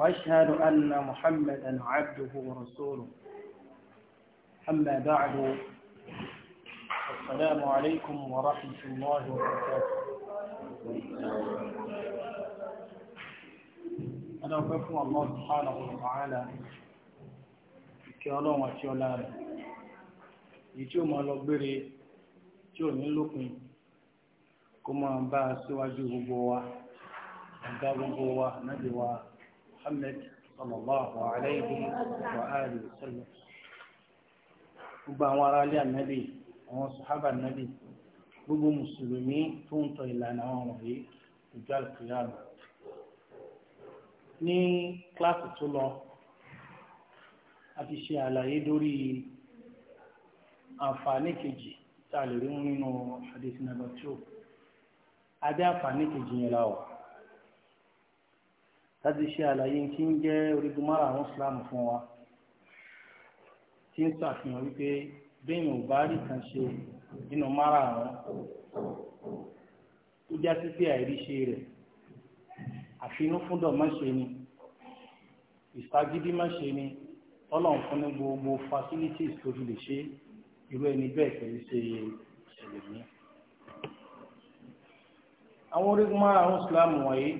وأشهد أن محمدا عبده ورسوله أما بعد السلام عليكم ورحمة الله وبركاته أنا أفكر الله سبحانه وتعالى كيالون وكيالان يجو ما لبري جو نلوكم كما أنباء سواجه بوا أنباء بوا نجوا محمد صلى الله عليه وآله وسلم. sallam gbogbo àwọn ará ilé ànábì àwọn sàhábà ànábì gbogbo mùsùlùmí tó ń tọ ìlànà àwọn wọ̀nyí ìjọ àlùkìyàmù ní kíláàsì tó lọ a ti ṣe àlàyé lórí àǹfààní kejì tá a lè rí mú nínú hadith nàbàtú adé àǹfààní kejì yẹn la wà láti ṣe àlàyé kí ń jẹ́ orígun mara àwọn ìsìláàmù fún wa tí ń ṣàfihàn wípé bẹ́ẹ̀ni ò bá rí kan ṣe nínú mara àwọn tó já sí pé àìríṣe rẹ̀ àfinúfúndọ̀ má ṣe ni ìṣàgídí má ṣe ni ọlọ́run fún ní gbogbo facilities tó fi lè ṣe irú ẹni bẹ́ẹ̀ kì ṣe ìṣẹ̀lẹ̀ ní. àwọn orígun àwọn ìsìláàmù wọ̀nyí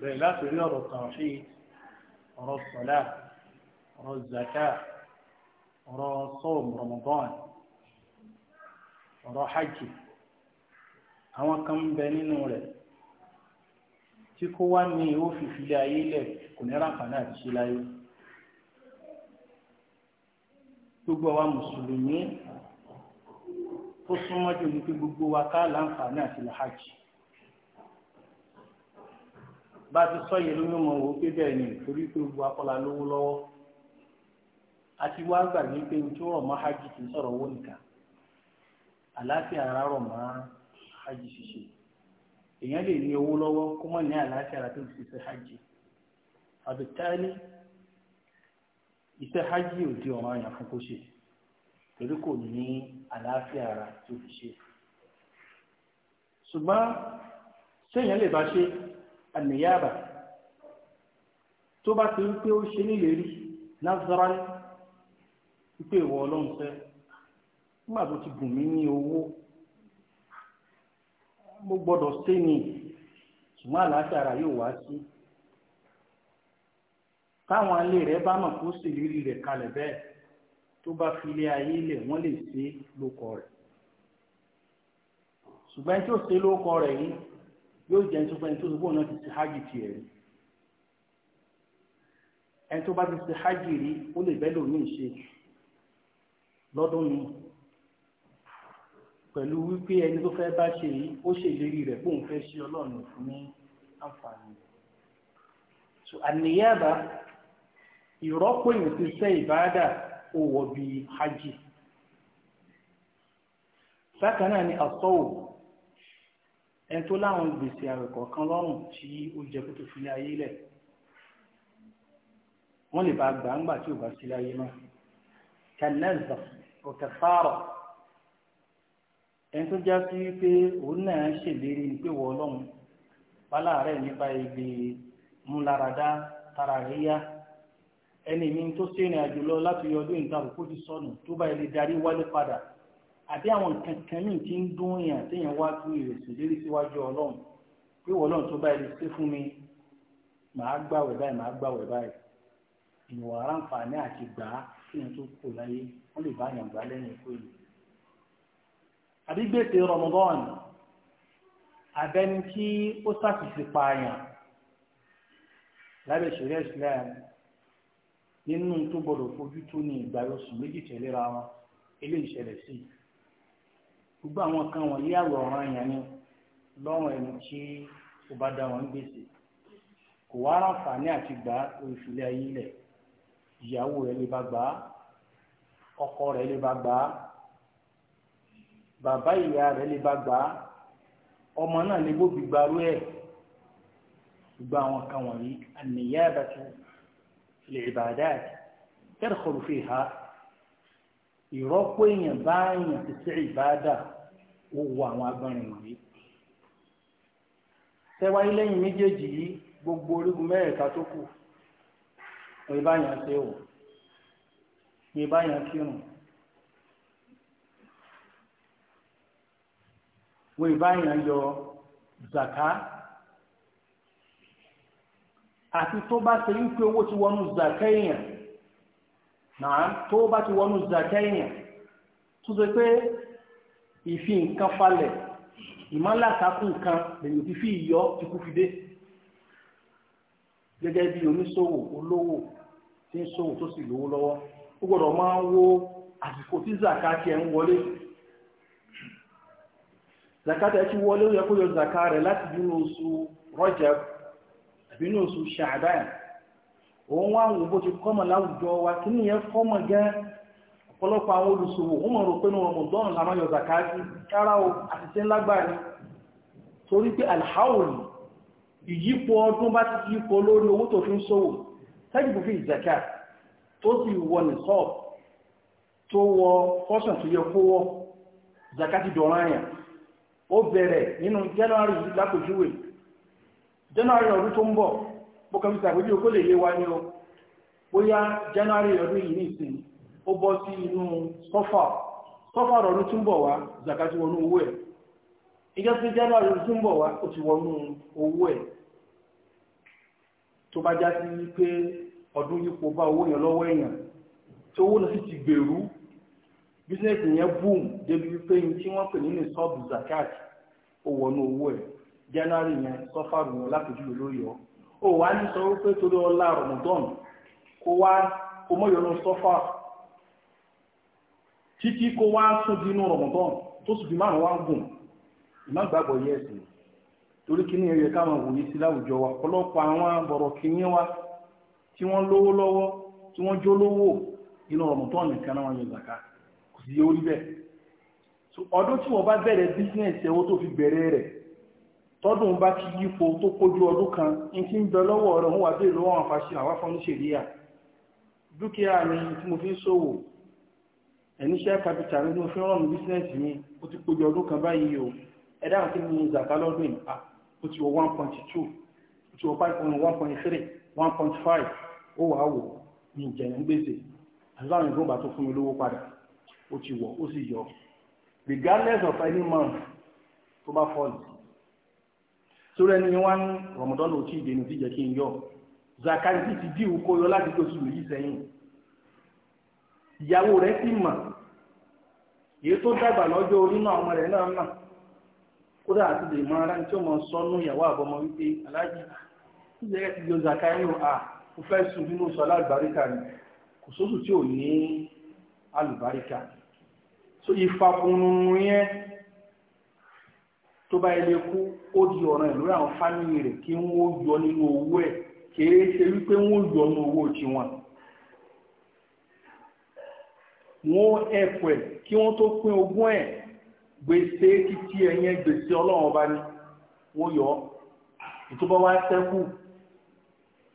bẹ́ẹ̀ láti rí ọ̀rọ̀ tàwọ̀ṣì ọ̀rọ̀ sọ̀lá ọ̀rọ̀ zaka ọ̀rọ̀ sọ́ọ̀mù rọmọdán ọ̀rọ̀ hajj àwọn kan ń bẹ nínú rẹ̀ tí kó wá ní ó fi filé ayé lẹ̀ kò ní ráǹfààní àti ṣe láyé gbogbo àwa mùsùlùmí tó súnmọ́ jù ní pé gbogbo wa ká láǹfààní àti làhájì bá ti sọ yìí lóyún mọ òun pé bẹ́ẹ̀ ni torí pé gbogbo akọ́la lówó lọ́wọ́ àti wá gbàgbé pé ní tí hajj owó nìkan àlàáfíà ara rọ mọ́ hajj èèyàn lè ní owó kó ní àlàáfíà ara tó hajj àbẹ̀tẹ́lẹ̀ ise hajj ò di ọ̀ràn àyàn fún kó ṣe torí kò ní àlàáfíà ara tó fi ṣe lè àníyàbà tó bá ti wípé ó ṣe nílérí nazaran wípé ìwọ ọlọ́run fẹ́ nígbà tó ti gùn mí owó mo gbọ́dọ̀ sé ni ṣùgbọ́n àlàáfíà yóò wá sí bá mọ̀ kó sì lérí rẹ kalẹ̀ bẹ́ẹ̀ tó bá fi ayé wọ́n lè yóò jẹ́ tó pẹ́ tó gbóhùn náà ti ṣe hajj tiẹ̀ rí ẹni tó bá ti ṣe hajj rí ó lè bẹ́ẹ̀ lòmíì ṣe lọ́dún ni pẹ̀lú wípé ẹni tó fẹ́ bá ṣe yìí ó ṣèlérí rẹ̀ bóun fẹ́ ṣe ọlọ́run fún ní àǹfààní so àníyàbá ìrọ́pò èèyàn ti ṣe ìbáadà ó wọ̀ bíi hajj bákan náà ni àsọ̀wò. ẹni tó láwọn gbèsè àwẹ̀ lọ́rùn tí ó jẹ kó tó fi lé ayé lẹ̀ wọ́n lè bá gbà ńgbà tí ò bá sí láyé náà kẹlẹ́zà òkèfàrọ̀ ẹni tó já sí wípé òun náà ṣèlérí ni pé wọ́n lọ́hùn nípa ibi múláradá tara ẹni mi àbí àwọn nǹkan kan ní ti ń dún yàn téèyàn wá tú ìrètí lérí síwájú ọlọ́run pé wọ́n lọ́run tó báyìí lè ṣe fún mi màá gbàwẹ̀ báyìí màá gbàwẹ̀ báyìí ìwà aráǹfààní àti gbà á kéèyàn tó kù láyé wọ́n lè bá yàn gbà lẹ́yìn ikú ìlú. àbí gbèsè Ramadan abẹ́ni tí ó ṣàṣìṣe pààyàn lábẹ́ ìṣẹ̀lẹ̀ Islam nínú tó gbọdọ̀ fojú tó ní ìgbà oṣù méjì tẹ̀léra wọn eléyìí ṣẹlẹ̀ sí i gbogbo àwọn kan wọ̀nyí àwòrán yẹn ni lọ́rùn ẹni tí ó bá dá wọn gbèsè kò wá ráǹfààní àti gbà òfìlẹ̀ ayé lẹ̀ ìyàwó rẹ̀ lè bá gbà á ọkọ rẹ̀ lè bá gbà á bàbá ìyá rẹ̀ lè bá gbà ọmọ náà lè bóbi gbarú ẹ̀ gbogbo àwọn kan wọ̀nyí àníyá àbàtú lè bàdá tẹ́rẹ̀ fi hà ìrọ́pò èèyàn bá èèyàn ti ṣe ìbáadà ó wo àwọn agbọ́nrin wọ̀nyí. tẹ́wáyé lẹ́yìn méjèèjì yìí gbogbo orígun mẹ́rẹ̀ẹ̀ta tó kù òye báyàn ṣe wò òye báyàn kírun òye báyàn yọ zaka àti tó bá ṣe wípé owó ti wọnú zaka èèyàn náà tó bá ti wọnú zaka èèyàn tó ṣe pé ìfi nǹkan falẹ̀ ìmọ̀lásàkù nǹkan lèyìn ti fi ìyọ́ ti kú fi dé gẹ́gẹ́ bí oníṣòwò olówó tí ń ṣòwò tó sì lówó lọ́wọ́ ó gbọ́dọ̀ máa ń wo àsìkò tí zaka tiẹ̀ ń wọlé zaka tiẹ̀ ti wọlé ó yẹ kó yọ zaka rẹ̀ láti bínú oṣù Rajab àbínú oṣù Sha'ban òun wá àwọn bó ti kọ́mọ̀ láwùjọ wa kí ní yẹn fọ́mọ̀ gẹ́ ọ̀pọ̀lọpọ̀ àwọn olùsòwò wọ́n mọ̀ rò pé ní ọmọ dọ́nà làwọn yọ zakati kára o àtìsẹ́ lágbàrí torí pé alhaul ìyípo ọdún bá ti yípo lórí owó tó fi ń ṣòwò tẹ́jìbù fi ìzàkà tó sì wọ ní sọ́ọ̀bù tó wọ fọ́sàn tó zakati dọ̀rọ̀ àyàn ó bẹ̀rẹ̀ nínú January lápòjúwe January ọdún tó mo kàn fi sàgbéjì ó kó lè yé ní o bóyá january ọdún yìí nìsín ó bọ́ sí inú sọ́fà sọ́fà ọdún tún wá zakati wọnú owó ẹ̀ ìjọ sí january ọdún tún bọ̀ wá ó ti wọnú owó ẹ̀ tó bá já sí pé ọdún yípo bá owó yẹn lọ́wọ́ èèyàn tó owó lọ sí ti gbèrú bísíǹsì yẹn boom débi wípé ní tí wọ́n pè nínú sọ́ọ̀bù zakati ó wọnú owó ẹ̀ january yẹn sọ́fà rùn lápèjúwe lórí ọ́ O wá ní sọ wípé torí ọlá rọmọdọ́n kó wá kó mọ́yọ̀nù sọ́fà títí kó wá sún di inú rọmọdọ́n tó sì fi márùn wá gùn ìmá gbàgbọ́ yẹ ẹ̀sìn torí kí ní ẹ̀yẹ káwọn òwòye sí láwùjọ wa ọ̀pọ̀lọpọ̀ àwọn bọ̀rọ̀ kìíní wa tí wọ́n lówó lọ́wọ́ tí wọ́n jó lówó inú rọmọdọ́n nìkan náà wọ́n yọ zàká kò sì yẹ orí bẹ́ẹ̀ ọdún tí wọ́n bá bẹ̀rẹ̀ bísíǹsì ẹ̀wọ́ tó fi bẹ̀rẹ̀ rẹ̀ tọ́dún bá ti yípo tó kójú ọdún kan in ti ń bẹ lọ́wọ́ ọ̀rọ̀ òun wà bí ìlú wọn àfàṣì àwọn fọ́níṣèríà dúkìá mi tí mo fi ń ṣòwò ẹ̀níṣẹ́ capital ní mo fi rán mi bísínẹ́sì mi ó ti kójú ọdún kan báyìí o ẹ̀dá àti mi zàkà lọ́dún ìpa ó ti wọ 1.2 ó ti wọ 1.3 1.5 ó wà wò ní ìjẹ̀yìn gbèsè aláwọn ìgbọ́n bá tó fún mi lówó padà ó ti wọ̀ ó sì yọ regardless of any month tó bá fọ́ọ̀lù sórí ẹni wá ní rọmọdọ́nù òtí ìdènù ti jẹ́ kí n yọ zakari ti ti díwù kó yọ láti tó sùn yìí sẹ́yìn ìyàwó rẹ̀ sì mà èyí tó dàgbà lọ́jọ́ orí náà ọmọ rẹ̀ náà mà kódà àti lè mọ ara tí ó mọ sọnù ìyàwó àbọmọ wípé aláàjì ìjẹ́ ẹ̀ zakari o à ó fẹ́ sùn nínú sọlá àlùbáríkà ni kò sóṣù tí ò ní àlùbáríkà so ìfàkùnrùn yẹn tó bá ilé kú ó di ọ̀ràn ẹ̀ lórí àwọn fámìlì rẹ̀ kí wọ́n yọ nínú owó ẹ̀ kìí ṣe wípé wọ́n yọ nínú owó tiwọn. wọ́n ẹ̀pọ̀ ẹ̀ kí wọ́n tó pín ogún ẹ̀ gbèsè títí ẹ̀yẹn gbèsè ọlọ́run ọba ni wọ́n yọ ọ́ ìtúbọ̀ wá sẹ́kù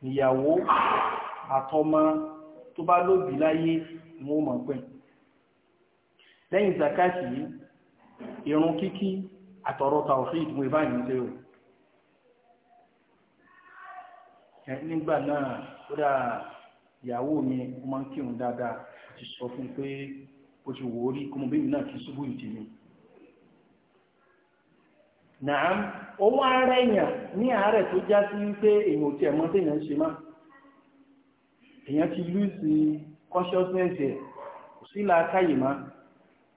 ìyàwó àtọmọ tó bá lóbi láyé wọ́n mọ̀ pé lẹ́yìn zakati irun kíkí àtọ̀rọ̀ tàwọ̀fíì ìdúnwé báyìí ṣe o nígbà náà kódà ìyàwó mi ó máa ń kírun dáadáa ti sọ fún un pé ó ti wò ó rí kó mo bẹ́ẹ̀ náà kí ṣubú ìdí mi nàám owó ara èèyàn ní àárẹ̀ tó já sí wípé èèyàn ò tiẹ̀ mọ̀ téèyàn ń ṣe má èèyàn ti lùsì consciousness ẹ̀ kò sí làákàyè má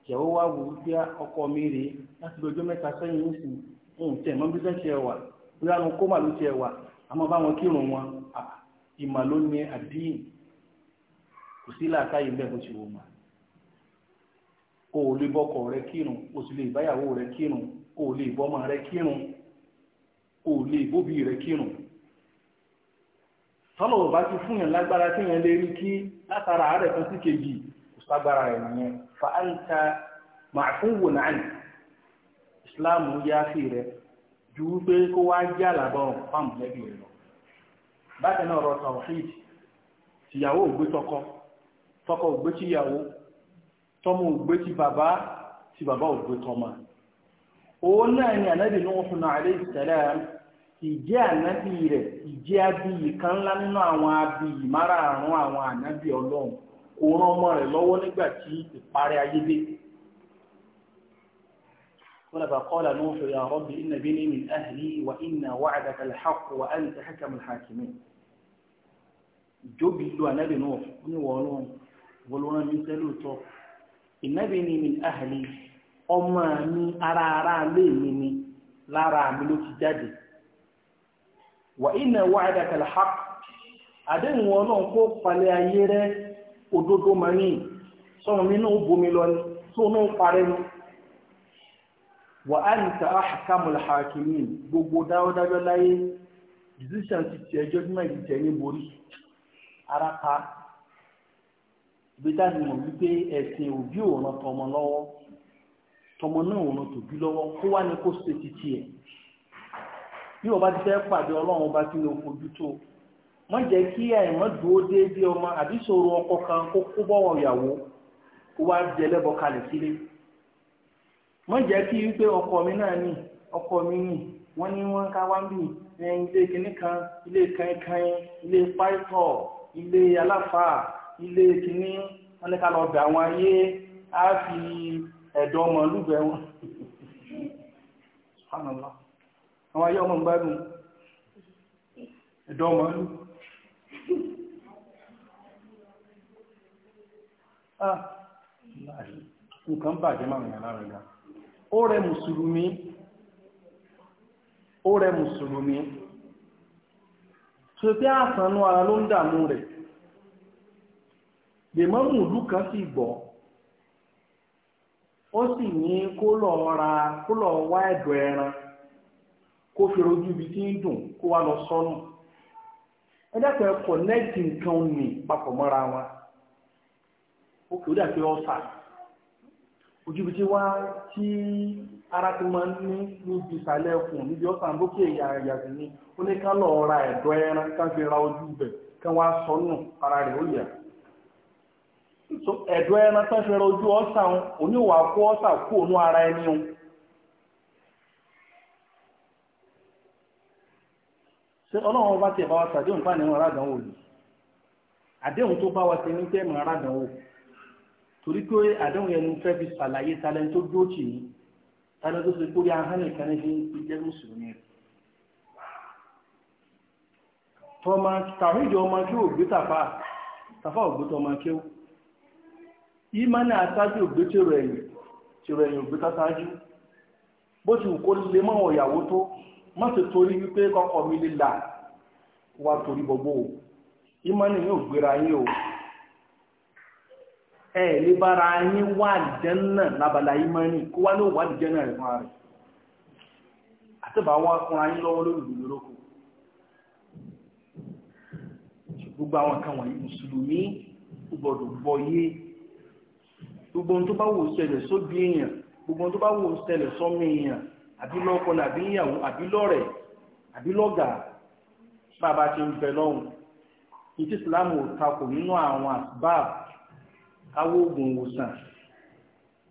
ìyàwó wa wò ó ọkọ mi rè é láti lọ́jọ́ mẹ́ta sẹ́yìn ń sìn ń tẹ̀ mọ́ bí sẹ́ńtì wà bí wọn kó màlúù tiẹ̀ wà bá wọn kírun wọn ìmà ló ní àdín kò sí làákàyè bẹ́ẹ̀ bó ti wò mà o lè bọ́kọ o sì lè báyàwó rẹ o o lè bóbi rẹ kírun tọ́lọ̀ bá ti fún yàn lágbára yàn lè rí kí látara àárẹ̀ kan sí kejì fa anta màfúwò náà ní ìsìláàmù yá sí rẹ ju wípé kó wá jẹ́ àlàbọ̀ fáàmù lẹ́bi rẹ lọ bákan náà ọ̀rọ̀ tàwọ̀fíìdì tìyàwó ògbé tọkọ tọkọ ògbé tíyàwó tọmọ ògbé ti bàbá ti bàbá ògbé tọmọ òun náà ni ànábì ní wọn náà àlẹ́ ìsẹ̀lẹ̀ ìjẹ́ ànábì rẹ̀ ìjẹ́ abiyì kan ńlá nínú àwọn abiyì márààrún àwọn ànábì ọlọ́run kò ràn ọmọ rẹ̀ lọ́wọ́ nígbà tí ìparí ayé dé. ولما قال نوح يا رب إن بني من أهلي وإن وعدك الحق وأنت حكم الحاكمين جوبي لو نبي نوح ونوالون ولونا من سلوتو إن بني من أهلي أما مي أرى أرى ليني لارا ملوك جدي وإن وعدك الحق أدن ولون فوق فلي أيره òdodo mọ̀ ní sọ̀rọ̀ mi náà bomi lọ ni tó náà parẹ́ ni. wà á ní ta ahkamul hakimin gbogbo dáwọ́dájọ́ láyé decision ti tiẹ̀ judgment ìdí tiẹ̀ ní borí ara pa gbẹ́dá ni mo wípé ẹ̀sìn òbí òran tọmọ lọ́wọ́ tọmọ náà òran tòbí lọ́wọ́ kó wá ní kó ṣe ti tiẹ̀ bí wọ́n bá ti fẹ́ pàdé ọlọ́run bá ti lè fojú tó o má jẹ́ kí àìmọ́ dúró déédéé ọmọ àbí ṣòro ọkọ kan kó kó bọ́wọ̀ ìyàwó kó wá jẹ lẹ́bọ̀ kalẹ̀ sílé má jẹ́ kí wípé ọkọ mi náà nì ọkọ mi nì wọ́n ní wọ́n ká wá ń bì ilé kìnnì kan ilé kankan ilé pàìtọ́ ilé aláfà ilé kìnnì wọ́n ní ká lọ bẹ̀ àwọn ayé á fi ẹ̀dọ̀ ọmọ lúbẹ̀ wọn. àwọn ayé ọmọ ń gbádùn ẹ̀dọ̀ ọmọ lúbẹ̀. Ah, nǹkan bàjẹ́ máa rìnrìn lára ga ó rẹ musulumi, ó rẹ musulumi, tó tí àsànú ara ló ń dààmú rẹ̀ lèmọ́mù ìlú kan sì gbọ́ ó sì ní kó lọ ra kó lọ wá ẹ̀dọ̀ ẹran kó fi rojú ibi tí ń dùn kó ó dà pé ọ̀sà ojúbití wá tí ara ti máa ń ní níbi ìsàlẹ̀ ẹkùn níbi ọ̀sà lókè ẹ̀yà ni ó ní ra ẹ̀dọ̀ ẹran ká fi ra ojú ibẹ̀ ká wá sọ nù ara rẹ̀ ó yà ẹ̀dọ̀ ẹran ká fi ra ojú ọ̀sà oníwà kó ọ̀sà ònú ara ẹni o. ṣé ọlọ́run bá tiẹ̀ bá wa sàdéhùn yìí àdéhùn tó bá wa ṣe ní tẹ́ẹ̀mù torí pé àdéhùn yẹn ni fẹ́ fi ṣàlàyé talẹ́ tó dóòtì ní talẹ́ tó ṣe kórí ahọ́n nìkan ní fi jẹ́ mùsùlùmí rẹ̀. tọ́mọ tàwọn ìjọ ọmọ kí ògbé tàfà tàfà ògbé tọmọ kí ó ìmánì àtàjù ògbé tèrò ẹ̀yìn tèrò ẹ̀yìn ògbé tàtàjù bó ti wù kó lè mọ́ àwọn ìyàwó tó má ti torí wípé kọ́kọ́ mi lè là wà torí gbogbo ìmánì yóò gbéra yín o ẹ lè bára yín wà jẹ́nà lábàlá ìmọ́ni kó wá ló wà jẹ́nà rẹ̀ fún ààrẹ àtẹ́bà wá fún ayín lọ́wọ́ lórí lórókù gbogbo àwọn kan wọ̀nyí mùsùlùmí gbọdọ̀ bọyé gbogbo ohun tó bá wò ṣẹlẹ̀ sóbi èèyàn gbogbo ohun tó bá wò ṣẹlẹ̀ sọ́mi èèyàn àbí lọ́kọ àbí níyàwó àbí lọ́rẹ̀ àbí lọ́gàá bàbá ti ń bẹ lọ́hùn ìtìsílámù ò takò nínú àwọn àsìbáàbù awo oògùn òwòsàn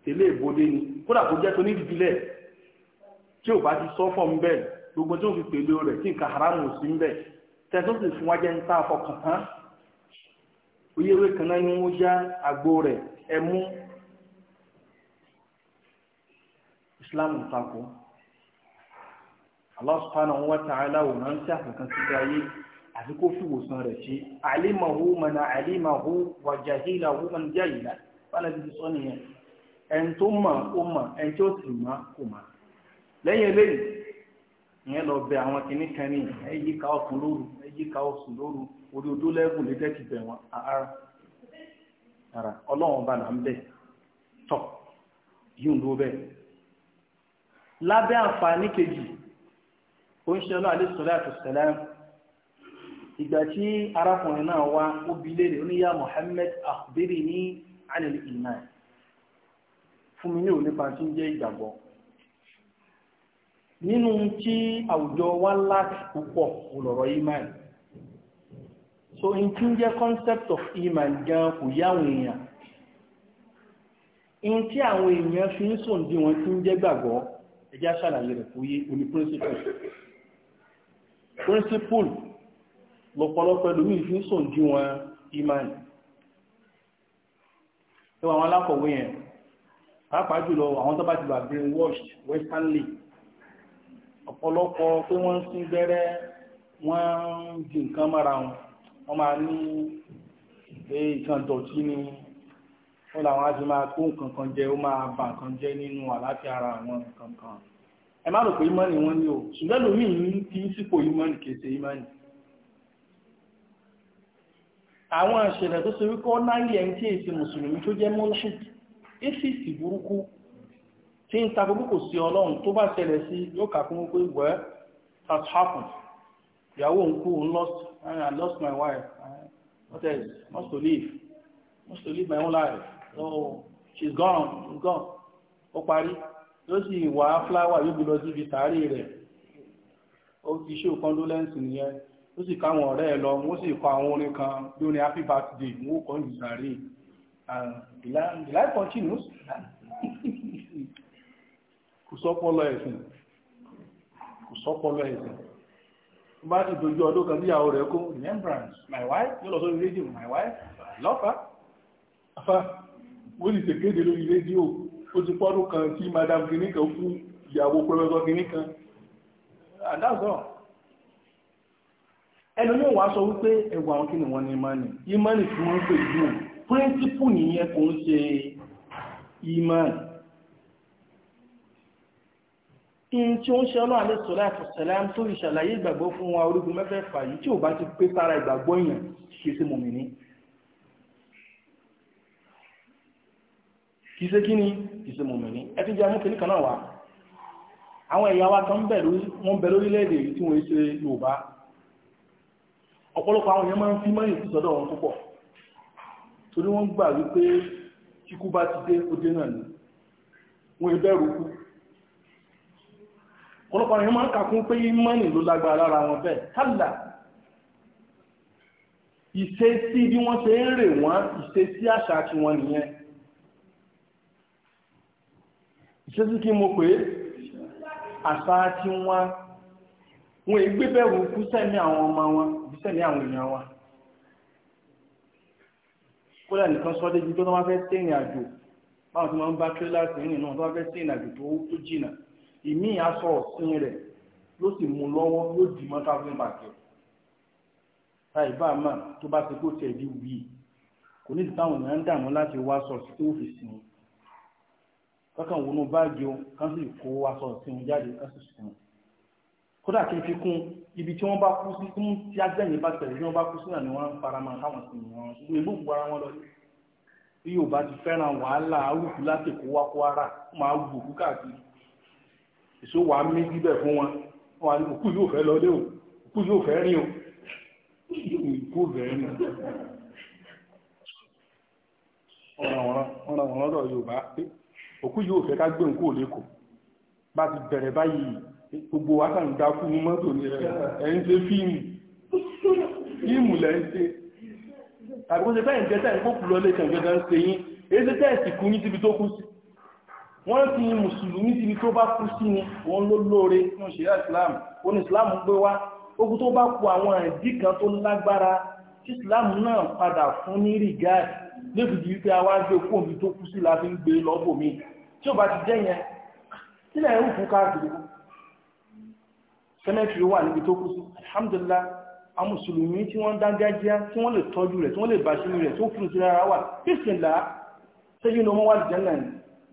tẹ̀lé ìbòdé ni kódà kó jẹ́ tó ní ìdílẹ̀ tí ò bá ti sọ fọ́ ń bẹ́ẹ̀ gbogbo tí ó fi pèlè rẹ̀ tí nǹkan haramu ò sí ń bẹ̀ sì fún wájẹ́ ń tá àfọkàn tán oyè ewé kan náà ni wọ́n já àgbo rẹ̀ ẹ mú ìsìláàmù Allah subhanahu wa ta'ala ò máa ń tẹ́ àkàkàn sí ayé àfi kó fi wòsàn rẹ̀ ṣe àlímọ̀hú mọ̀nà àlímọ̀hú wàjàhílàhú mọ̀nà jàhílà fana ti sọ nìyẹn ẹni tó mọ̀ ó mọ̀ ẹni tó sì mọ̀ kò mọ̀ lẹ́yìn eléyìí ìyẹn lọ bẹ àwọn kìíní kan ní ẹyí ká ọkùn lóru ẹyí ká ọsùn lóru orí odó lẹ́gùn lè tẹ́ ti bẹ̀ wọn ara ara ọlọ́run ọba ń bẹ̀ tọ̀ yìí ń lo bẹ́ẹ̀ lábẹ́ àǹfààní kejì ó ń ṣe ọlọ́ ìgbà tí arákùnrin náà wá ó bi léèrè oníyà Muhammad akhbiri ní anil iman fún mi ní òní pàtó ń jẹ́ ìgbàgbọ́ nínú tí àwùjọ wa láti púpọ̀ òlọ̀rọ̀ iman so in tí ń jẹ́ concept of iman gan kò yáwọn èèyàn in tí àwọn èèyàn fi ń sòǹdí wọn tí ń jẹ́ gbàgbọ́ ẹjá ṣàlàyé rẹ̀ fóyé oní principle principle lọ́pọ̀lọpọ̀ ẹlòmí fi ń sùn dí wọn imani ẹwà àwọn alákọ̀wé yẹn pàápàá jùlọ àwọn tó bá ti wà green wash western league ọ̀pọ̀lọpọ̀ pé wọ́n ń sín gbẹ́rẹ́ wọ́n ń di nǹkan mọ́ra wọn wọ́n máa ní pé nǹkan dọ̀tí ni wọ́n làwọn á ti máa kó nǹkan kan jẹ ó máa bà nǹkan jẹ nínú àlàáfíà ara àwọn nǹkan kan ẹ má rò pé imani wọn ni o ṣùgbọ́n lómi yìí ti ń sípò imani kèsè imani àwọn ìṣẹ̀lẹ̀ tó ṣe wípé ó náà mùsùlùmí tó jẹ́ mulhid éfìsì burúkú tí ń takogó kò sí ọlọ́run tó bá ṣẹlẹ̀ sí yóò kàkún pé wẹ́ that happened ìyàwó ń kú ń lost I lost my wife what else must to live must to live my own life so she's gone she's gone ó parí sì fúláwà yóò bí lọ síbi condolence nìyẹn ó sì káwọn ọ̀rẹ́ ẹ lọ wọ́n sì kọ àwọn orin kan bí orin happy birthday wọ́n kọ́ ní sàárè july continues kò sọ́pọ̀lọ ẹ̀sìn kò sọ́pọ̀lọ ẹ̀sìn tó bá ti dojú ọdún kan bí àwọn rẹ̀ kó remembrance my wife yóò lọ sórí rédíò my wife lọ́fà afá wọ́n sì tẹ̀kéde lórí rédíò ó ti pọ́dún kan tí madam kìnnìkan fún ìyàwó pẹ́pẹ́kọ́ kìnnìkan and that's all ẹnu ní wàá sọ wípé ẹwà àwọn ni wọ́n ní imani imani tí wọ́n ń pè jù píríncípù nìyẹn kò ń ṣe imani in tí ó ń ṣe ọlọ́run alẹ́ sọ́lá àfọ̀sẹ̀lá tó ìṣàlàyé ìgbàgbọ́ fún wa orígun mẹ́fẹ̀ẹ̀fà yìí tí ò bá ti pé sára ìgbàgbọ́ èèyàn kìí ṣe mùmìnì kìí ṣe kíni kìí ṣe mùmìnì ẹ ti jẹ́ amúkẹ́ níkan náà wá àwọn ẹ̀yà wa kan bẹ̀ lórí wọ́n bẹ̀ lórílẹ̀-èdè tí wọ́n ṣe Yorùbá ọ̀pọ̀lọpọ̀ àwọn èèyàn máa ń fi mọ́ ìkú sọ́dọ̀ wọn púpọ̀ torí wọ́n gbà wípé kíkú bá ti dé ó dé náà ni wọ́n ìbẹ̀rù kú ọ̀pọ̀lọpọ̀ àwọn èèyàn máa ń kàkún pé ìmánì ló lágbára lára wọn bẹ́ẹ̀ kálà ìṣesí bí wọ́n ṣe ń rè wọ́n ìṣesí àṣà tí wọ́n nìyẹn ìṣesí kí mo pè é àṣà tí wọ́n wọn ègbé bẹ̀rù kú sẹ́ni àwọn ọmọ wọn bí sẹ́ni àwọn èèyàn wọn kódà nìkan sọ débi tó wọ́n fẹ́ sẹ́yìn àjò báwọn tó máa ń bá tírélàsì yìí náà tó wọ́n fẹ́ sẹ́yìn àjò tó tó jìnà ìmí aṣọ ọ̀sìn rẹ̀ ló sì mú lọ́wọ́ ló dì mọ́ travelling bag rẹ̀ táì bá mà tó bá ti kó tiẹ̀ di wí kò ní ìtàwọn èèyàn ń dààmú láti wá aṣọ sí ọ́fíìsì wọn kọ́kàn wọnú báàgì wọn kán sì kó aṣọ sí wọn jáde kán sì sùn wọn kódà kí n fi kún ibi tí wọ́n bá kú sí fún tí agbẹ́yìn bá tẹ̀lé tí wọ́n bá kú sí náà ni wọ́n fara mọ́ káwọn sì ní wọn ṣùgbọ́n ìlú òkú ara wọn lọ bí yóò bá ti fẹ́ràn wàhálà awùkú láti kó wá kó ara máa wù òkú káàkiri èso wàá mí síbẹ̀ fún wọn wọn ni òkú yóò fẹ́ lọlé o òkú yóò fẹ́ rìn o òkú fẹ́ rìn o ọ̀ràn ọ̀ràn ọ̀rọ̀ Yorùbá pé yóò bá ti bẹ̀rẹ̀ báyìí gbogbo wa kàn dákú ní mọ́tò ní ẹ̀ ń ṣe fíìmù fíìmù lẹ́ ń ṣe tàbí kó ṣe fẹ́ ìjẹ́ tẹ́ ìkókù lọlé kẹ̀kẹ́ ń ṣe yín èyí ṣe tẹ́ ìsìnkú ní síbi tó kú sí wọ́n ti mùsùlùmí síbi tó bá kú sí ni wọ́n ló lóore fún ṣe islam ó ní islam gbé wá oku tó bá kú àwọn ìdí kan tó lágbára tí islam náà padà fún ní rìgáàdì lébi di wípé àwa gbé kóòmù tó kú sí la fi ń gbé lọ́bòmí tí ò bá ti jẹ́ yẹn sílẹ̀ ń kú káàkiri sẹ́mẹ́tìrì wà níbi tó kú sí alhamdulillah a mùsùlùmí tí wọ́n dágájá tí wọ́n lè tọ́jú rẹ̀ tí wọ́n lè bàṣírí rẹ̀ tí ó fún sí ara wà pèsèlá sẹ́yìn ní ọmọ wà jẹ́nà ní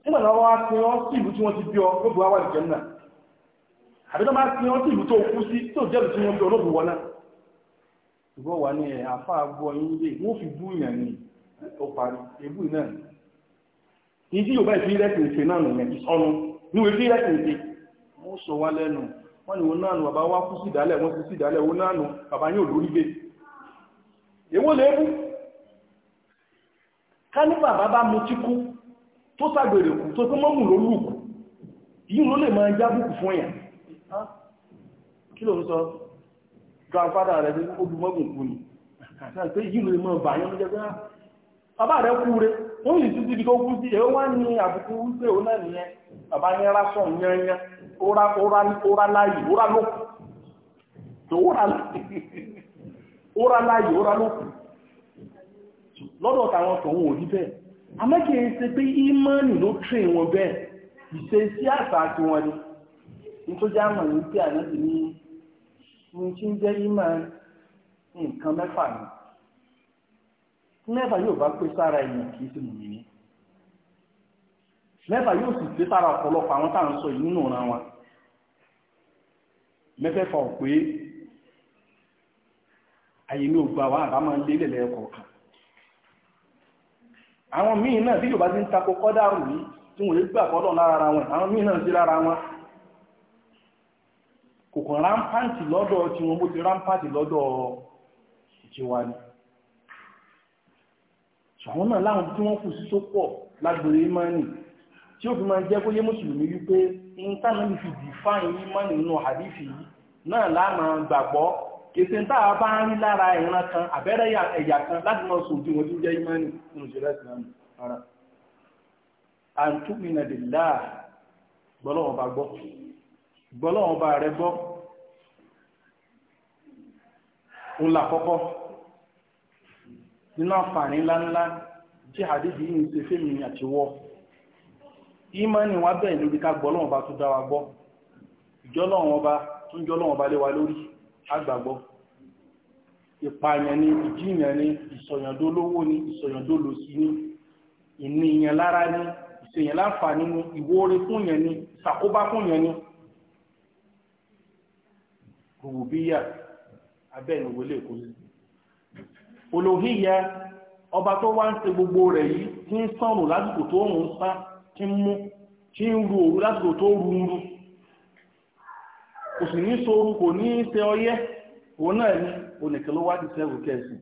nígbà náà wá sí ọ́ sí ìlú tí wọ́n ti bí ọ lóbi wá wà jẹ́nà àbí náà bá sí ọ́ sí ìlú tó kú sí tó jẹ́ ìlú tí wọ́n bí ọ lóbi wọ́n náà ṣùgbọ́n wà ní ẹ̀ àfa àgbọ̀ yín lè wọ́n fi bú ìyàn ní ó parí ebú náà ní tí Yorùbá ìfìlẹ́sìn ìfẹ́ náà nìyẹn ìsọnu níwèé ìfìlẹ́sìn ìfẹ́ wọ́n sọ wá lẹ́nu wọ́n ní wọn náà nù bàbá wá kú sí ìdálẹ̀ wọ́n ti sí ìdálẹ̀ wọn náà nù bàbá yóò lórí gbé èwo lèébù ká ní bàbá bá mu tí kú tó ṣàgbèrè kú tó tó mọ́mù ló lù kú yìí ló lè máa jábùkù fún yàn kí ló ń sọ grandfather rẹ̀ ní olùmọ́gùn kú ni àti yìí ló bàbá rẹ̀ kú rẹ̀ ó yìí títí bí tó kú sí ẹ̀ wá ní àbùkù wípé òun náà nìyẹn bàbá yẹn rásọ̀ yányán ụra oral ụra oraloku so oral oralize oraloku lọ́dọ̀ táwọn tọ̀hún ò rí bẹ́ẹ̀ amẹ́kẹ̀ẹ́ ṣe pé ìmọ̀nì ló wọn bẹ́ẹ̀ ìṣe sí àṣà àti wọn ni nítorí àmọ̀ ní pé ànábì ní ní tí ń jẹ́ ni mẹ́fà yóò sì pé sára ọ̀pọ̀lọpọ̀ àwọn táà ń sọ ìlú náà wọn mẹ́fẹ̀fà ò pé ayé ní ògbà wa àbá máa ń lé lẹ̀lẹ́ ọkọ̀ọ̀kan àwọn míì náà bí yorùbá ti ń takò kọ́dàrù yìí tí wọ́n lè lára wọn àwọn míì náà sí lára wọn kò kàn rámpáǹtì lọ́dọ̀ tí wọ́n bó ti rámpáǹtì lọ́dọ̀ ìjẹwà ṣàwọn tí ó fi máa jẹ́ kó yé mùsùlùmí wípé nǹkan náà fi dìfáìn yí mọ́ nínú àdífì yìí náà láàmà gbàgbọ́ kèsè ń tàà bá ń rí lára ìran kan àbẹ́rẹ́ ẹ̀yà kan láti mọ sùn tí wọ́n ti jẹ́ ìmánì nínú ìṣẹ̀lẹ̀ ìsìlámù ara àǹtúmìnà dè láà gbọ́lọ́wọ́n bá gbọ́ gbọ́lọ́wọ́n rẹ gbọ́ ń là kọ́kọ́ nínú àǹfààní ńláńlá tí àdífì ń ṣe fẹ́mi àtiwọ́ ìmánì wa bẹ̀rẹ̀ lórí ká gbọ́ lọ́wọ́n bá tún dá gbọ́ ìjọ́lọ́wọ́n bá tún jọ́lọ́wọ́n bá lé lórí agbàgbọ́ ìpààyàn ni ìjìyàn ni ìsọ̀yàndó lówó ni ìsọ̀yàndó lòsì ni ìníyàn lára ni ìṣèyàn láǹfààní ni ìwóore fún yẹn ni ìṣàkóbá fún yẹn ni rùbíyà abẹ́ni wọlé kò sí olóhìyà ọba tó wá ń ṣe gbogbo rẹ̀ yìí ti ń sọ̀rùn lásìkò tó ń sán tí mú tí ń ru òru lásìkò tó ru ń ru kò sì ní sóoru kò ní ṣe ọyẹ́ òun náà ní onìkan ló wá di sẹ́wù kẹsì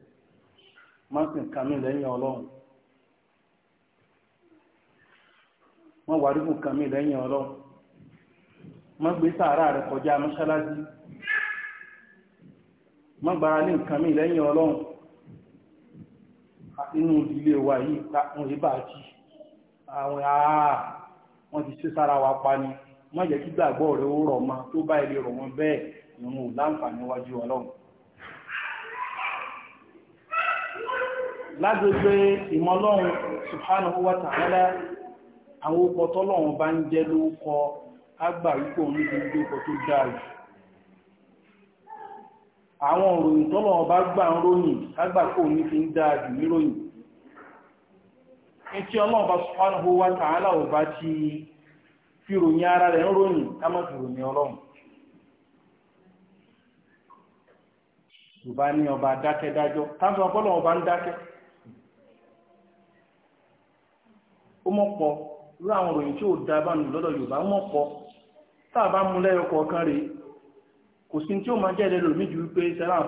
martin kamil lẹ́yìn ọlọ́run wọ́n wà rífù kamil lẹ́yìn ọlọ́run wọ́n gbé sàárà rẹ̀ kọjá mọ́ṣáláṣí wọ́n gbára ní nǹkan mi lẹ́yìn ọlọ́run inú ìdílé wa yìí ká wọn yìí bá a jí àwọn àá ah, wọ́n ti ṣe sára wa pa ni wọ́n jẹ́ kí gbàgbọ́ rẹ̀ ó rọ̀ mọ́ tó bá ilé rọ̀ wọn bẹ́ẹ̀ ìrun ò láǹfààní wájú ọlọ́run. lágbègbè ìmọ̀lọ́run subhanahu wa ta'ala àwọn orúkọ tọ́lọ́run bá ń jẹ́ lórúkọ àgbà wípé òun ní orúkọ tó dáa jù àwọn òròyìn tọ́lọ́run bá gbà ń ròyìn àgbà ní fi ń dáa jù níròyìn ntí ọlọ́run bá subhanahu wa ta'ala ò bá ti fi ròyìn ara rẹ̀ ń ròyìn ká má fi ròyìn ọlọ́run. yorùbá ní ọba dákẹ́dájọ́ táwọn ọba ń dákẹ́ ó mọ̀ pọ̀ irú àwọn ròyìn tí ò da bá lọ́dọ̀ yorùbá mọ̀ pọ̀ a bá mú lẹ́yọ kọ̀ọ̀kan rèé kò sí tí ó máa jẹ́ wípé sẹ́lá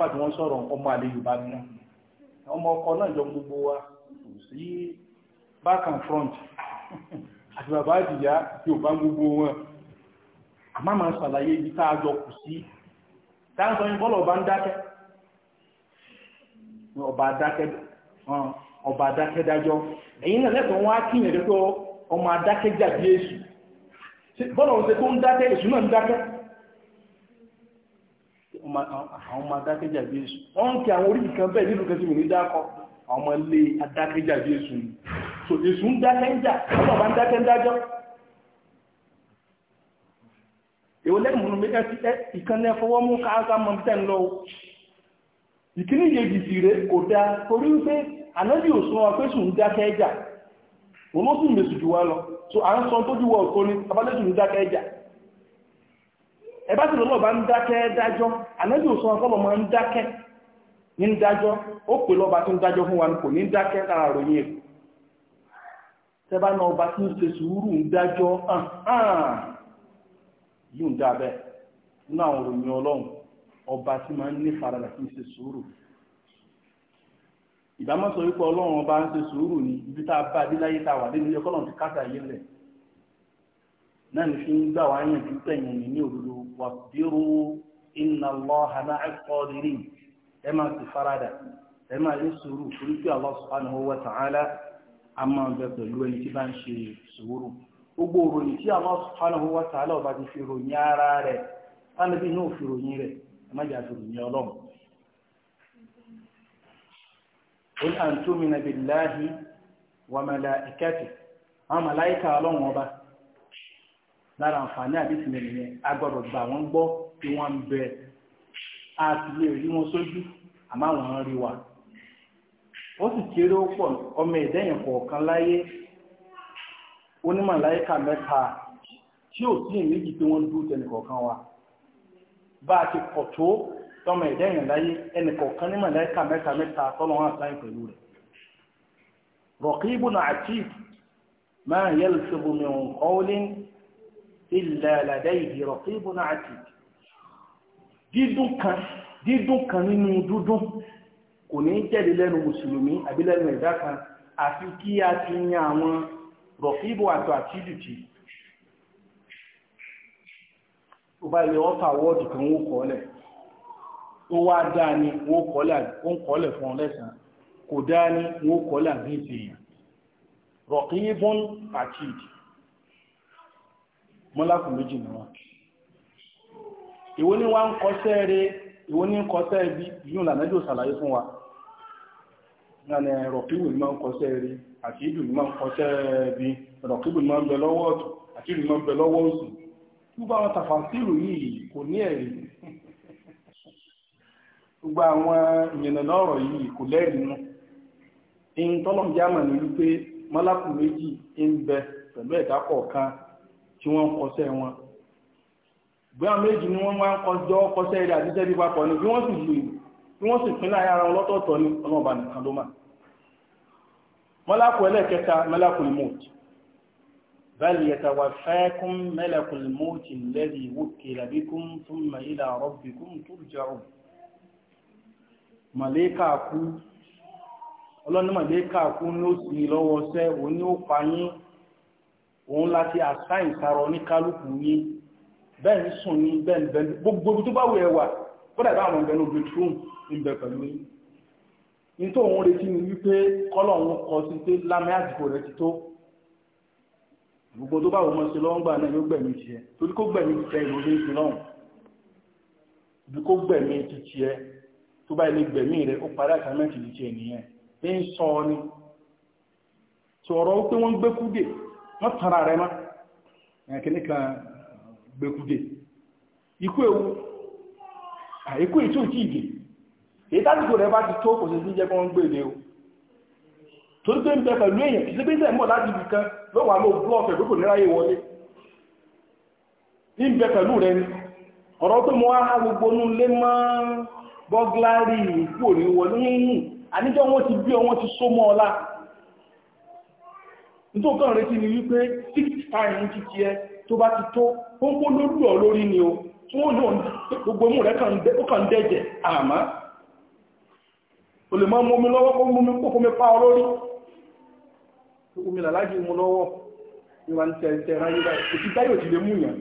back and front àti bàbá àdìyá yóò bá gbogbo wọn àmá máa ṣàlàyé ibi tá a jọ kù sí dáńsọ yín bọ́lọ̀ ọba ń dákẹ́ ọba adákẹ́dájọ́ ẹ̀yìn náà lẹ́tọ̀ọ́ wọn á kíyàn lẹ́tọ́ ọmọ adákẹ́jà bí èṣù bọ́lọ̀ ọ̀sẹ̀ tó ń dákẹ́ èṣù náà ń dákẹ́ àwọn ọmọ adákẹ́jà bí èṣù wọ́n ń kí àwọn orí kan bẹ́ẹ̀ nílùú kẹsìmù ní dákọ́ àwọn ọmọ ilé so èsù ń dákẹ́ ń jà ọlọ́run bá ń dákẹ́ ń dájọ́ èwo lẹ́mùnú mi ẹtí ẹ ìkànnì ẹfọwọ́ mú káàkà mọ́ tẹ́ ń lọ o ìkíní yèjì sì rè kò dáa torí wípé ànábì ò sún sùn ń dákẹ́ ẹjà òun ló sì mèsì jù wá lọ so à ń sọ tójú wọ òkò ni abálẹ́ sùn ń dákẹ́ ẹjà ẹ bá sì lọ́lọ́ bá ń dákẹ́ dájọ́ ànábì ò sún ọ kọ́lọ́ máa ń dákẹ́ ní dájọ́ ó pè lọ́ba tó ń dájọ́ fún wa kò ní dákẹ́ lára ròyìn tẹ́bá náà ọba tí ń ṣe sùúrù ń dájọ́ yóò ń dábẹ́ nínú àwọn òròyìn ọlọ́run ọba tí máa ń ní faradà tí ń ṣe sùúrù ọlọ́run ọba ń ṣe ní ibi tá a bá adéláyé tá a wà nínú ilé ti káta ayé lẹ̀ náà ní fi ń gbà wá yàn ju tẹ̀yìn ní ní òdodo wà bírú máa ti faradà máa sùúrù torí a máa bẹ pẹ̀lú ẹni tí bá ń ṣe sùúrù gbogbo òròyìn tí Allah subhanahu wa ta'ala ọba ti fi ròyìn ara rẹ̀ tánàbí náà fi ròyìn rẹ̀ ẹ má jà fi ròyìn ọlọ́run. ó ní an tu'mina billahi wa malaikatihi àwọn màláìka ọlọ́run ọba lára àǹfààní àdìsí mi nìyẹn gbà wọ́n gbọ́ tí wọ́n bẹ a rí wọn sójú àmọ́ rí wa ó sì kéré ó pọ̀ ọmọ ìdẹ́yìn kọ̀ọ̀kan láyé onímọ̀láyíkà mẹ́ta tí ò sí ìméjì tí wọ́n dúró tẹnì kọ̀ọ̀kan wa bá a ti pọ̀ tó tọmọ ìdẹ́yìn láyé ẹnì kọ̀ọ̀kan ní mẹ́ta mẹ́ta tọ́lọ́ wọn àtàyìn pẹ̀lú rẹ̀ rọ̀kìbùnà àti máa yalfizu min qawlin illa ladayhi rọ̀kìbùnà àti dídún kan nínú dúdún kò ní jẹ́de lẹ́nu mùsùlùmí àbí ẹ̀dá kan àfi kí a ti yan àwọn rọ̀fíbò àti àtìdìtì tó bá ilé ọ́fà wọ́ọ̀dù kan ó kọ́lẹ̀ tó wá dáa ni ó kọ́lẹ̀ fún ọ lẹ́sàn kò dáa ni ó kọ́lẹ̀ àbí ìsèyàn rọ̀fíbò mọ́lákù méjì ni wọ́n ìwọ ni wọ́n ń kọ́ sẹ́ẹ̀rẹ́ ìwọ ni ń kọ́ yíò lànà yàní rọ̀kíbù ni máa ń kọsẹ́ rí àkídù ni máa ń kọsẹ́ bí rọ̀kíbù ni máa ń bẹ lọ́wọ́ ọ̀tún àkídù ni máa ń bẹ lọ́wọ́ òsì gbogbo àwọn tàfàǹsìrù yìí kò ní ẹ̀rí gbogbo àwọn ìyẹnìlá ọ̀rọ̀ yìí kò lẹ́rìí nù ìyìn tọ́lọ́m jámà ní wípé mọ́lákù méjì ń bẹ pẹ̀lú ẹ̀dá kọ̀ọ̀kan tí wọ́n ń kọsẹ́ wọn bí àwọn méjì ni wọ́n máa ń kọjọ́ kọsẹ́ rẹ̀ àti sẹ́bí papọ̀ ni bí wọ́n sì lù tí wọ́n sì pín láàrin ara wọn lọ́tọ̀ọ̀tọ̀ ní ọlọ́ọ̀bá nìkan ló mà mọ́lákù ẹlẹ́ẹ̀kẹta mẹ́lákùl mọ́t bal yatawaffakum mẹ́lákùl mọ́t alladhi wukkila bikum thumma ila rabbikum turja'un màlẹ́kà kú ọlọ́ni màlẹ́kà ló sì lọ́wọ́ sẹ́ òní òun láti àṣà ìsàrọ̀ ní yín bẹ́ẹ̀ ń sùn ní bẹ́ẹ̀ kódà bá àwọn ìbẹ̀nu bedroom ń bẹ pẹ̀lú yín ní tó òun retí ni wípé kọ́lọ̀ òun kọ sí pé lámẹ́ àdìbò rẹ ti tó gbogbo tó bá wọn ṣe lọ́wọ́ gbà náà yóò gbẹ̀mí tiẹ̀ torí kó gbẹ̀mí tiẹ̀ ìlú ní ti lọ́hùn bí kó gbẹ̀mí ti tiẹ̀ tó bá ilé gbẹ̀mí rẹ ó parí àtàmẹ́tì ti tiẹ̀ nìyẹn bí ń sọ ọ ni sọ̀rọ̀ pé wọ́n gbé kúdè wọ́n tara rẹ mọ́ ẹ̀kíní kan gbé kúdè ikú ewu àìkú ìtú tí ìdè èyí tásìkò rẹ̀ bá ti tó kò sí sí jẹ́ kọ́n gbèrè o tó ń gbé ń bẹ pẹ̀lú èèyàn kìí sí pé sẹ́ mọ̀ láti ibì kan ló wà ló blọ́ọ̀fù ẹ̀gbẹ́ kò níráyè wọlé ní bẹ pẹ̀lú rẹ̀ ni ọ̀rọ̀ pé mo wá gbogbo inú lé mọ́ bọ́gláàrí ìkú òní wọlé yìnyín àníjọ́ wọn ti bí ọ wọn ti só mọ́ ọlá nítorí kan retí ni wípé six times ti tiẹ tó bá ti tó ó ń kó lórí ọ lórí ni o tí wọ́n yóò gbogbo mú rẹ̀ kàn dẹ́jẹ̀ àmá o lè máa mú omi lọ́wọ́ kó mú mi kó mi pa olórí omi làlájì mú lọ́wọ́ ìwà ní tẹ̀ẹ̀tẹ̀ẹ̀rán yíra kò ti dáyò ti lè mú yàn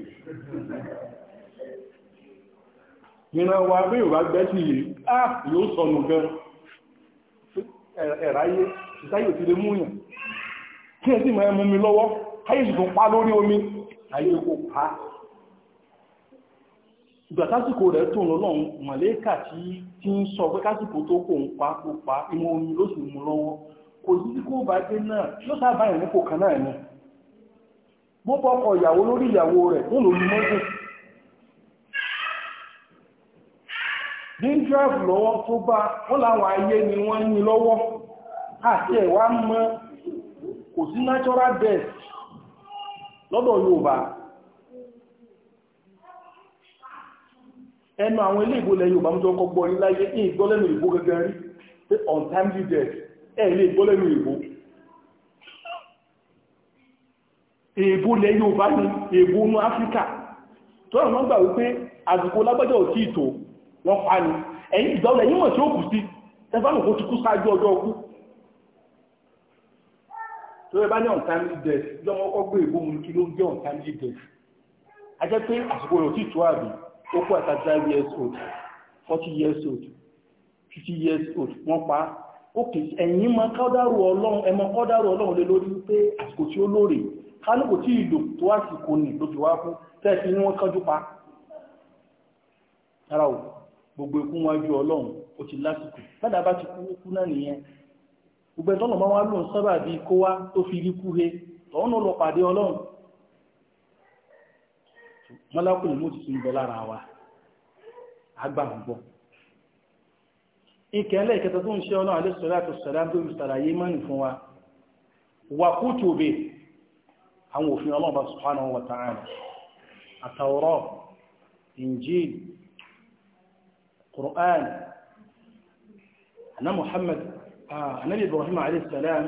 ìran wa bí yóò bá gbẹ́ sí á yóò sọnù gan ẹ̀ráyé ìgbà tásìkò rẹ̀ tó lọ́lọ́run màlẹ́kà tí tí ń sọ pé kásìkò tó kò ń pa kó pa inú omi ló sì mú lọ́wọ́ kò sí kó bá dé náà yóò sábà yẹn nípò kan náà ni bó bọ́ ìyàwó lórí ìyàwó rẹ̀ ó lò ní lọ́wọ́ tó ni wọ́n ní lọ́wọ́ ẹnu àwọn ilé ìbò lẹ́yìn òbámu tó kọ́ gbọ́ iláyé ní ìgbọ́lẹ́nu ìbò gẹ́gẹ́ rí pé untimely death ẹ̀ ilé ìgbọ́lẹ́nu ìbò èèbò lẹ́yìn òbá ní èèbò inú áfíríkà tó àwọn ọgbà wípé àsìkò lágbájá ò tí ìtò wọn pa ni ẹ̀yìn ìgbọ́lẹ̀ yíwọ̀n tí ó kù sí ẹfánù kó ti kú sáájú ọjọ́ ọkú tó ẹ bá ní untimely death jọmọ ọgbẹ́ èèbò mú kí ló ń jẹ́ untimely death a jẹ́ pé àsìkò rẹ̀ ò tí ìtò àbí ó kú at years old forty years old fifty years old wọ́n pa ókè ẹ̀yin máa kọ́dárù ọlọ́run ẹ máa kọ́dárù ọlọ́run lé lórí pé àsìkò tí ó lóore kálùkù tí ìlò tó àsìkò nì ló fi wá fún tẹ́ẹ̀sì ni wọ́n kánjú pa ara ò gbogbo ikú wájú ọlọ́run ó ti lásìkò ládà bá ti kú kú náà nìyẹn gbogbo ẹ̀tọ́nà máa wá lóun sábà bíi kó wá tó fi rí kú he tọ́nà lọ pàdé ọlọ́run mọ́lákùnrin mú tuntun bẹ lára wa àgbà ń bọ̀ ìkẹ́lẹ̀ ìkẹta tó ń ṣe ọlọ́run alẹ́sọ̀rọ̀ àti sọ̀rọ̀ tó ń sàlàyé mọ́nì fún wa wà kú tòbe àwọn òfin ọlọ́run bá subhanahu wa ta'ala àtàwọ̀rọ̀ injil qur'an ana muhammad anabi ibrahim alayhi salam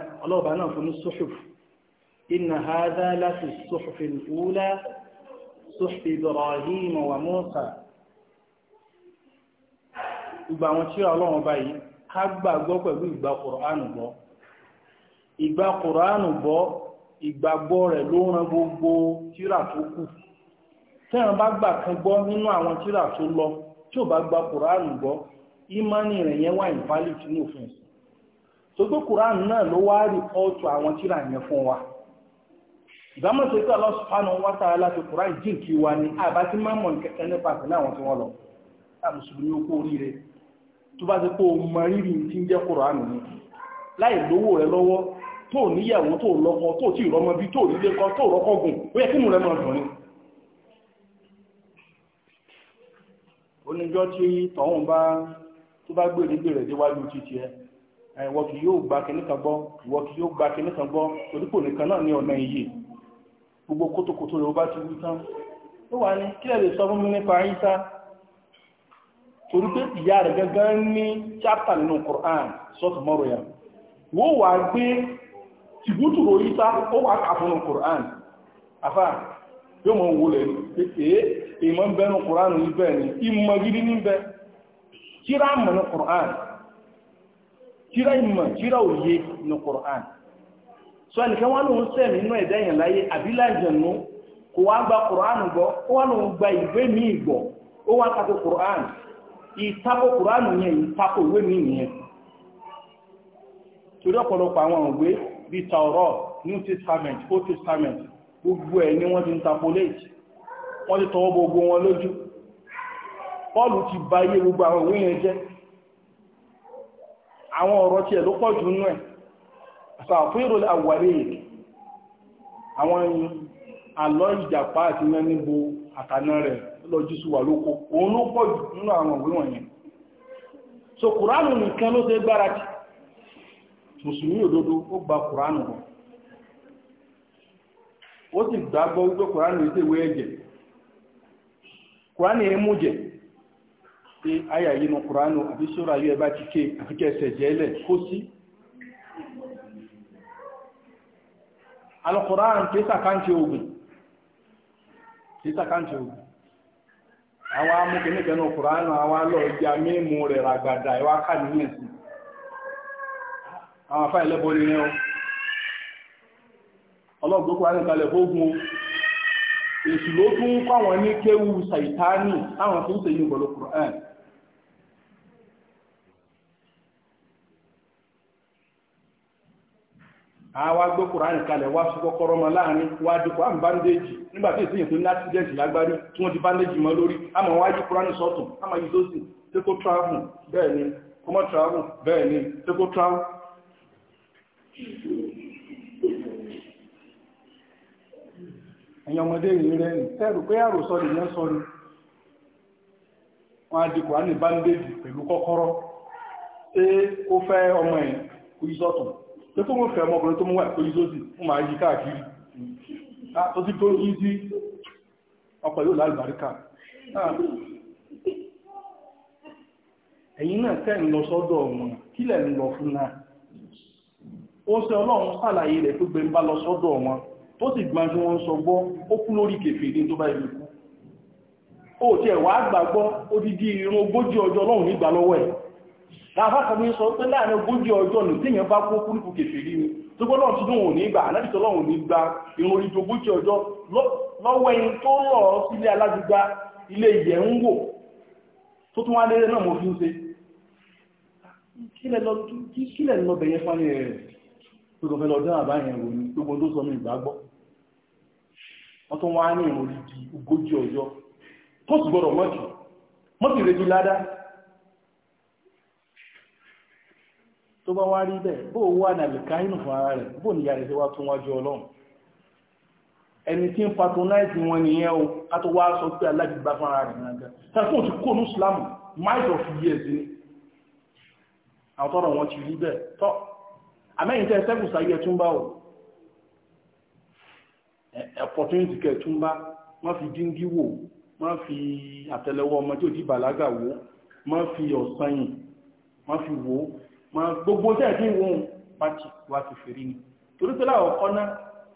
صحب إبراهيم وموسى ìgbà àwọn tí ọlọ́run báyìí ká gbàgbọ́ pẹ̀lú ìgbà kùránù gbọ́ ìgbà kùránù gbọ́ ìgbàgbọ́ rẹ̀ ló ran gbogbo tírà tó kù tí wọ́n bá gbà kan gbọ́ nínú àwọn tírà tó lọ tí ò bá gba kùránù gbọ́ ìmánì rẹ̀ yẹn wà ìfálì tí ní òfin ẹ̀sìn tó kùránù náà ló wá rìpọ́ọ̀tù àwọn tírà yẹn fún wa ìbámu tó kí Allah subhanahu wa ta'ala fi Qur'an jìn kí wa ni àbá tí máa mọ̀ nǹkan nípa àti náà wọn tí wọ́n lọ a mùsùlùmí ó kó oríire tó bá ti kó mọ rírì tí ń jẹ́ Qur'an ni láì lówó rẹ lọ́wọ́ tó níyàwó tó lọ́kọ tó tí ìrọmọ bí tó nílé kan tó rọ́kọ gùn ó yẹ kí mú rẹ mọ̀ dùn ni oníjọ́ tí tọ̀hún bá tó bá gbé nígbè rẹ̀ déwájú títí ẹ ìwọ kì yóò gba kìnnìkan gbọ́ ìwọ kì yóò gba kìnnìkan gbọ́ torípò nìkan náà ní ọ̀nà ìyè gbogbo kótókótó rẹ̀ ó bá ti wí tán ó wà ní kílẹ̀ lè sọ fún mi nípa Ìsá torí pé ìyá rẹ̀ gangan ní chápítà nínú Qur'an sọ́tù mọ́rọ̀ yà wó wà gbé tìbútùrò Ìsá ó wà kà fún Qur'an afá yóò mọ̀ wọlé ee ìmọ̀ ń Qur'an ni ìmọ̀ gidi ní bẹ́ kíra mọ̀ ní Qur'an kíra ìmọ̀ kíra òye ní Qur'an so ẹnìkan wọn lòun sẹ́mi inú ẹ̀dá yẹn láyé àbíláìjẹ̀nu kò wá gba quran gbọ́ ó wá lòun gba ìwé míì gbọ́ ó wá tako quran ìtako yẹn ìtako ìwé míì yẹn torí ọ̀pọ̀lọpọ̀ àwọn òwe bíi taurọ new testament old testament gbogbo ẹ̀ ni wọ́n ti ń tapolate wọ́n ti tọwọ́ gbogbo wọn lójú pọ́ọ̀lù ti ba iye gbogbo àwọn òwe yẹn jẹ́ àwọn ọ̀rọ̀ tiẹ̀ ló pọ̀ jù ẹ̀ sàfírò àwàrí àwọn àlọ́ ìjàpá àti iná níbo àtàná rẹ̀ lọ́jú sí wà lóko òun ló pọ̀ jù nínú àwọn so kùránù nìkan ló tẹ́ gbára jù mùsùlùmí òdodo ó gba kùránù bọ̀ ó sì gbàgbọ́ wípé kùránù ètò ìwé ẹ̀jẹ̀ kùránù èémú jẹ̀ pé ayà yìí nu kùránù àbí sóra yóò ẹ bá alukuran kì í sàkáǹtì ogun kì í sàkáǹtì ogun àwa amúkìní kẹ́nu lọ ìjà mímu rẹ̀ ràgbàdà ìwà kàníyàn sí àwọn afá ìlẹ́bọ̀ ní ẹ́ ọlọ́gbọ́kú alẹ́kalẹ̀ fógún èsù ló tún kọ́ wọn ní kéwú sàìtánì táwọn fi ń tẹ̀yìn pẹ̀lú àwa gbé kùránì kalẹ̀ wá sí kọ́kọ́rọ́ láàrin wá dìkọ̀ àmì nígbàtí ìsìnyẹ̀ tó ní accident lágbárí tí wọ́n ti báńdéjì mọ́ lórí àmọ́ wá yí kùránì a àmọ́ yí sósì tí travel bẹ́ẹ̀ ni bẹ́ẹ̀ ni tí tó tó mú fẹ́ ọmọkùnrin tó mú wà tó yí sósì fún máa yí káàkiri ah, ó sì tó yí sí ọkọ̀ yóò lálùbáríkà ah. ẹ̀yin náà tẹ́ ń lọ sọ́dọ̀ wọn kí lẹ̀ ń lọ fún náà ó ṣe ọlọ́run sàlàyé rẹ̀ tó gbé ń bá lọ sọ́dọ̀ wọn tó sì gbọ́n tí wọ́n sọ gbọ́ ó kú lórí kèfèé ní tó bá ilé kú ó tiẹ̀ wàá gbàgbọ́ ó dídí irun ogójì ọjọ́ ọlọ́run nígbà lọ́wọ́ ẹ̀ láfáàkàmí sọ pé láàrin ogójì ọjọ́ ní tí èyàn bá kó kúrùkù kèfè rí ni tó gbọ́nà tí lóhun ní gbà alábìtọ́ lọ́hun ní gba irun orí ogójì ọjọ́ lọ́wọ́ ẹni tó lọ sílé alágbègbà ilé ìyẹ̀ ń wò tó tún wá lérẹ́ náà mo fi ń ṣe kílẹ̀ lọ bẹ̀yẹ fún ẹ̀ tó kọ̀ fẹ́ lọ dán àbáyẹn wò ní gbogbo tó sọ tó bá wá rí bẹ́ẹ̀ bó wà ní àlìkáyínù fún ara rẹ̀ bó ní ìyá rẹ̀ sí wá tún wájú ọlọ́run ẹni tí ń patronize wọn nìyẹn o a tó wá sọ pé alágbègbà fún ara rẹ̀ náà sẹ́fún ti kó ní islam miles of years ni àwọn tọrọ wọn ti rí bẹ́ẹ̀ tọ́ àmẹ́yìn tẹ́ sẹ́kù sáyé tún bá o opportunity kẹ tún bá wọ́n fi díngí wò wọ́n fi àtẹ́lẹwọ́ ọmọ tí ò ti bàlágà wò wọ́n fi ọ̀sán yìn wọ́n fi wò mọ gbogbo tẹ́ ní wọn pàtì wà ti fèrè ní torí pé láwọn ọkọ náà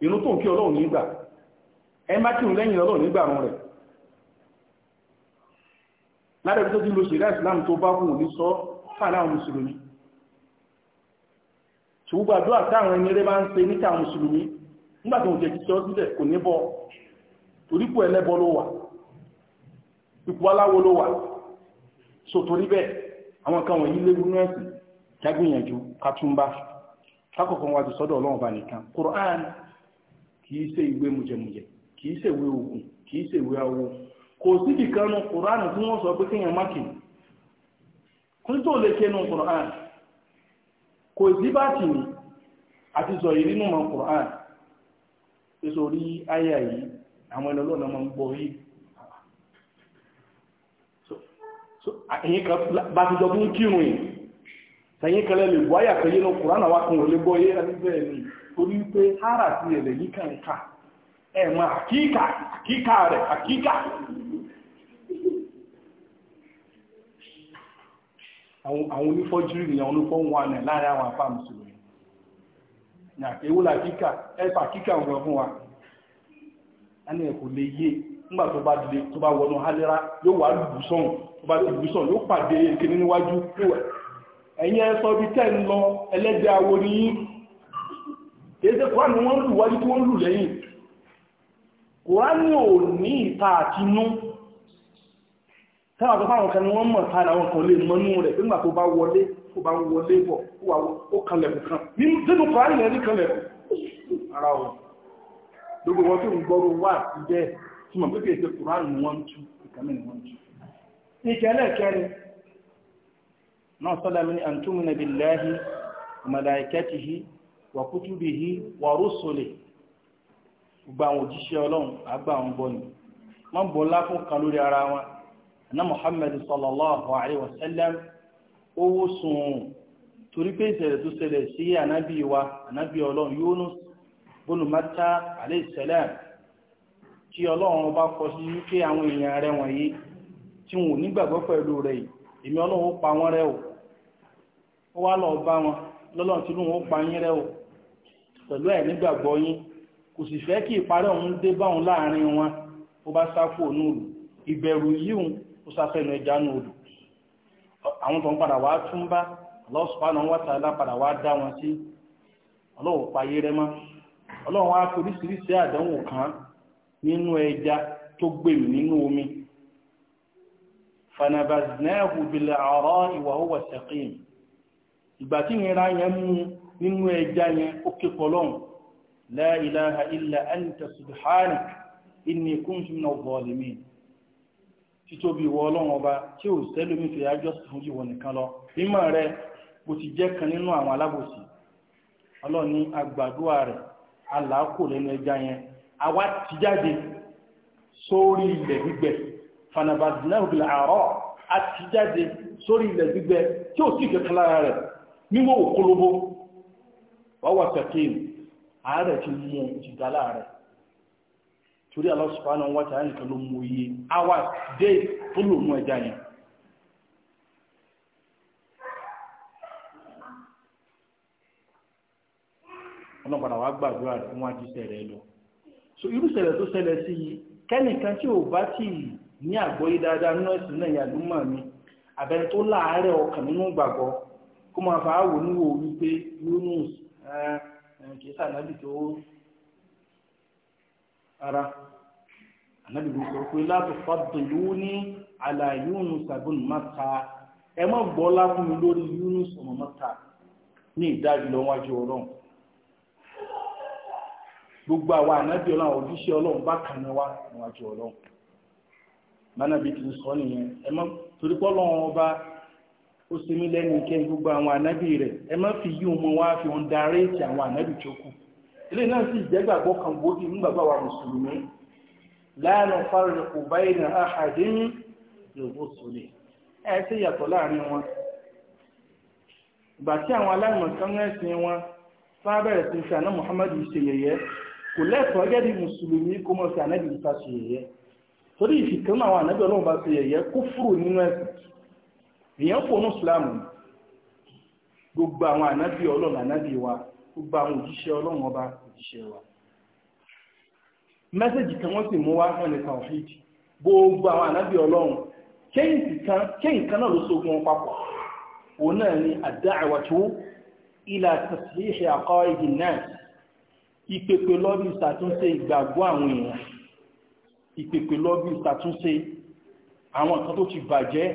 ìrun tó ń kí ọlọ́run nígbà ẹ má kírun lẹ́yìn ọlọ́run nígbà rún rẹ̀ lára ibi tó ti lo ṣẹ̀rí islam tó bá wù ní sọ fáàlà àwọn mùsùlùmí ṣùgbọ́n àdúrà sòtò níbẹ̀ àwọn kan wọ̀nyí léwu ní jágbìyànjú kátúmbá kákọ̀kọ́ wájú sọ́dọ̀ ọlọ́run bá nìkan Qur'an ṣe ìwé mùjẹmùjẹ ṣe ìwé ogun ṣe ìwé awo kò Qur'an tí wọ́n sọ pé kéèyàn má kún tó lè ké nu Qur'an kò sí bá àti sọ yìí nínú mọ Qur'an èso rí àyà yìí àwọn ẹni ọlọ́run máa ń gbọ́ yìí bá ti jọ fún kírun tẹ̀yìn kẹlẹ́ lè gbọ́ àyà pẹ̀yẹ́ lọ kùránà wá kan ò lè yé ẹni bẹ́ẹ̀ ni torí pé hárà ti ẹ̀lẹ̀ yìí kàn ká ẹ̀mọ àkíkà àkíkà rẹ̀ àkíkà àwọn onífọ́júrì ni àwọn onífọ́ wọn àwọn a ní ẹ̀yin ẹ̀sọ́ bí tẹ́ ń lọ ẹlẹ́gbẹ́ awo ní yí kéèsẹ́ kòránì wọ́n lù wájú tí wọ́n lù lẹ́yìn kòránì ò ní ìta àti inú tẹ́wà tó fáwọn kan ni wọ́n mọ̀ tààrà wọn kan lè mọ́nú rẹ̀ nígbà tó bá wọlé tó bá wọlé bọ̀ ó kanlẹ̀kùn kan nínú kòránì rẹ̀ ní kanlẹ̀kùn ara wọn gbogbo wọn tó náà sọ́lá mi ní àǹtúmùnà billahi màláìkẹ́tìhì wa kutubihi wa rusulihi gbogbo àwọn òjíṣẹ́ ọlọ́run àgbà àwọn gbọ́ ni wọ́n bọ̀ ńlá kan lórí ara wọn sallallahu alayhi wa sallam owó sùn torí pé ìṣẹ̀lẹ̀ tó ṣẹlẹ̀ sí wa ànábì ọlọ́run salam tí ọlọ́run bá kọ sí wípé àwọn èèyàn rẹ̀ wọ̀nyí tí wọn ò nígbàgbọ́ pẹ̀lú rẹ̀ èmi ọlọ́run ó ó wá lọ bá wọn lọ́lọ́run tí lóun ó pa yín rẹ́ o pẹ̀lú ẹ̀ nígbàgbọ́ yín kò sì fẹ́ kí ìparẹ́ òun dé bá òun láàrin wọn ó bá sá kúrò nùlù ìbẹ̀rù yíhun ó sáfẹ́nu ẹja nùlù àwọn tó ń padà wá tún bá wa padà wá dá wọn sí ọlọ́run mọ́ ọlọ́run á àdánwò kan nínú ẹja tó gbèrú nínú omi fanabaznahu bil ara'i wa huwa ìgbà tí ìnira yẹn mú nínú ẹja yẹn ó ké pọlọ́n la ilaha illa anta subhanak inni kuntu minaz zalimin títóbi ìwọ ọlọ́run ọba tí ò sẹ́lómi fi ajọ́ sí fún ìwọ nìkan lọ mímọ̀ rẹ bó ti jẹ́ kan nínú àwọn alábòsí ọlọ́run ní agbàdúrà rẹ̀ aláàkó lẹ́nu ẹja yẹn àwa ti jáde sórí ilẹ̀ gbígbẹ fanabadinahu bil a ti jáde sórí ilẹ̀ gbígbẹ tí ò sì kẹ́kẹ́ níwò òkúlóbó wáwà sẹ̀kín ààrẹ ti mú jìdá láàrẹ torí Allah subhanahu turi nìkan ló mú iye hours days tó mú ẹja yẹn ọlọ́pàá wa gbàdúrà rẹ̀ wọ́n ti lọ so irúṣẹlẹ̀ tó ṣẹlẹ̀ sí i kẹ́nìkan tí ò bá tì ní àgbọ́yé dáadáa nọ́ọ̀sì náà kó máa fà á wò níwò wípé Yunus kìí sá tó ara ànábì ló sọ pé láti fàdùlù ní àlà Yunus ibn Matta ẹ má gbọ́ láfún mi lórí Yunus ọmọ Matta ní ìdájúlọ wájú ọlọ́run gbogbo àwọn ànábì ọlọ́run ojúṣe ọlọ́run bá kàn wá níwájú ọlọ́run mánàbí ti sọ nìyẹn ẹ má torí pé ọlọ́run ọba ó sì mí lẹ́nu ìkẹ́ gbogbo àwọn ànábì rẹ̀ ẹ má fi yí wọn wá fi wọn darí ti àwọn ànábì tó kù ilé náà sì jẹ́gbàgbọ́ kan gbòógì nígbàgbọ́ àwọn mùsùlùmí láàánú fárin kò báyìí náà àhàdé ní lòbó sólè ẹ ṣe yàtọ̀ láàrin wọn ìgbà tí àwọn ẹ̀sìn wọn sí fi àná Muhammadu ṣe yẹ̀yẹ́ kò lẹ́tọ̀ọ́ gẹ́gẹ́ bí mùsùlùmí èèyàn kò ní ìsìláàmù gbogbo àwọn ànábì ọlọ́run ànábì wa gbogbo àwọn òjíṣẹ́ ọlọ́run ọba òjíṣẹ́ wa mẹ́sẹ̀jì kan wọ́n sì mú wá hàn ní tàwọ̀fíìdì gbogbo àwọn ànábì ọlọ́run kéyìn kan náà ló sógun wọn papọ̀ òun náà ni àdáàwàtó ilà tàṣíṣe àkọ́ igi náà ìpèpè lọ́bí ìsàtúnṣe ìgbàgbọ́ àwọn èèyàn ìpèpè lọ́bí ìsàtúnṣe àwọn kan tó ti bàjẹ́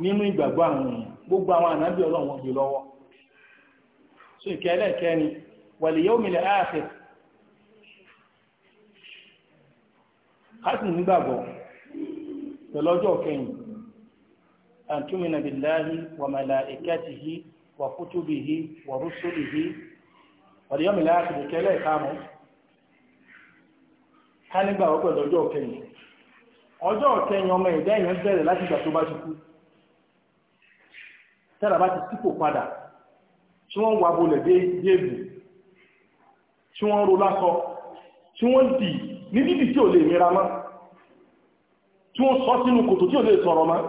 N'ime ìgbàgbọ́ àwọn èèyàn gbogbo àwọn ànábì ọlọ́run gbé lọ́wọ́ so ìkẹ́lẹ̀ kẹ́ni wal yawmil akhir kásìn nígbàgbọ́ pẹ̀lọ́jọ́ kẹ́yìn ìkẹ́lẹ̀ ká nígbàgbọ́ pẹ̀lọ́jọ́ kẹ́yìn ọjọ́ kẹ́yìn ọmọ ìdẹ́yìn bẹ̀rẹ̀ láti tó bá ti kú tára bá ti sípò padà tí wọ́n wà bolẹ̀ déèbù tí wọ́n ro lásọ tí wọ́n dì ní dídì tí ò lè mìíra mọ́ tí wọ́n sọ sínú kòtò tí ò lè sọ̀rọ̀ mọ́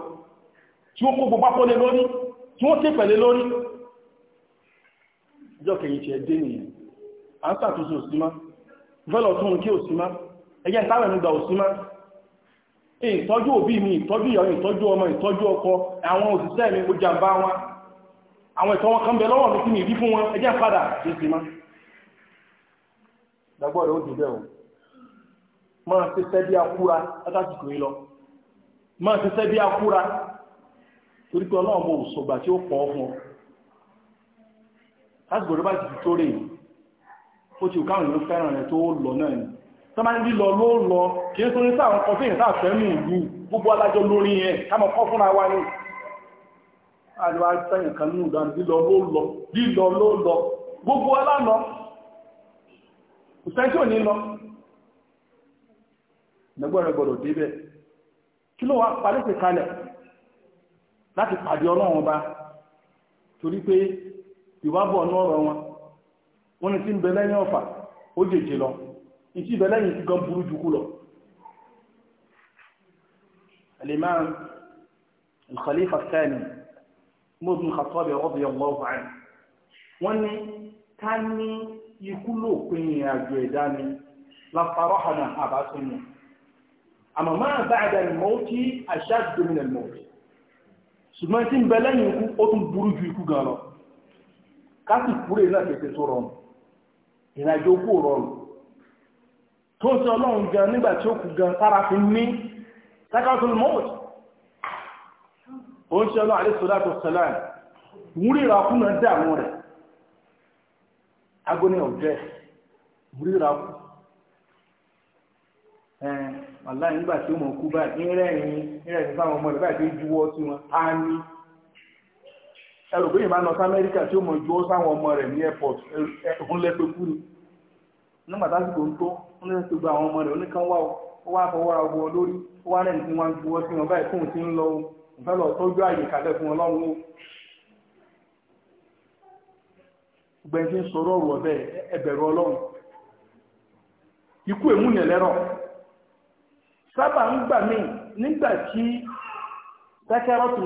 tí wọ́n kó gbogbo pọ́lẹ̀ lórí tí wọ́n tẹ́ pẹ̀lẹ̀ lórí ìjọ kẹ̀yìn tí ẹ dé nìyàn à ń sàtúnṣe òsímá fẹ́lọ̀ tún kí òsímá ẹjẹ́ ìtàwẹ̀ nígbà òsímá ìtọ́jú òbí mi ìtọ́jú ìyàwó ìtọ́jú ọmọ ìtọ́jú ọkọ àwọn òṣìṣẹ́ mi mo jàmbá wọn àwọn ìtọ́ wọn kan bẹ lọ́wọ́ mi kí ni ìrí fún wọn ẹjẹ́ padà ṣe sí ma ó o máa ṣe sẹ́ bí akúra látàkìkò yìí lọ máa ṣe sẹ́ bí akúra torí pé ọlọ́run mo sọ̀gbà tí ó ọ tó máa lọ lílọ lọ kí é sórí sáà ọkọ̀ fíyìn sáà ìlú gbogbo alájọ́ lórí ẹ̀ kámọ̀ kọ́ fúnra wa ní àríwá sẹ́yìn kan ní ìdánù lọ lílọ gbogbo alálọ nọ tí ní ìwábọ̀ wọn ni tí ń bẹ lẹ́yìn ọ̀fà lọ ìtí ìbẹ̀ lẹ́yìn tí gan burú jùkú lọ al-imam al-khalifa al-thani Umar bin Khattab radiyallahu anhu wọ́n ní ká ní ikú lópin ìrìnàjò ẹ̀dá ni lápárọ̀ hànà àbátúnmù àmọ́ máa ba'da al-mawti ashaddu ìrìnàjò kú rọrùn tó ń ọlọ́run gan nígbà ó kù gan tára fi ní sakatul mọ́t ó ń ṣe ọlọ́run àdéṣọ́lá tó sẹ́lá wúrí ìràkúnà dààmú rẹ̀ agony of death wúrí ìràkú ẹn wàláì nígbà ó mọ̀ kú báyìí ń rẹ́rìn north America tí ó mọ̀ sáwọn ọmọ rẹ̀ ní airport wọn lè tó gba àwọn ọmọ rẹ̀ oníkan wá o ó wá fọwọ́ awọ lórí ó wá lẹ́yìn tí wọ́n ń buwọ́ sí wọn báyìí fóun ti ń lọ o ìfẹ́ lọ tọ́jú àyè kalẹ̀ fún ọlọ́run o. gbẹ̀ǹsì ń sọ̀rọ̀ ọ̀rọ̀ ọ̀bẹ ẹ̀bẹ̀rù ọlọ́run ikú èmúyàn lẹ́rọ̀ sábà ń gbà mí nígbà tí sẹ́kẹ́rọ́tì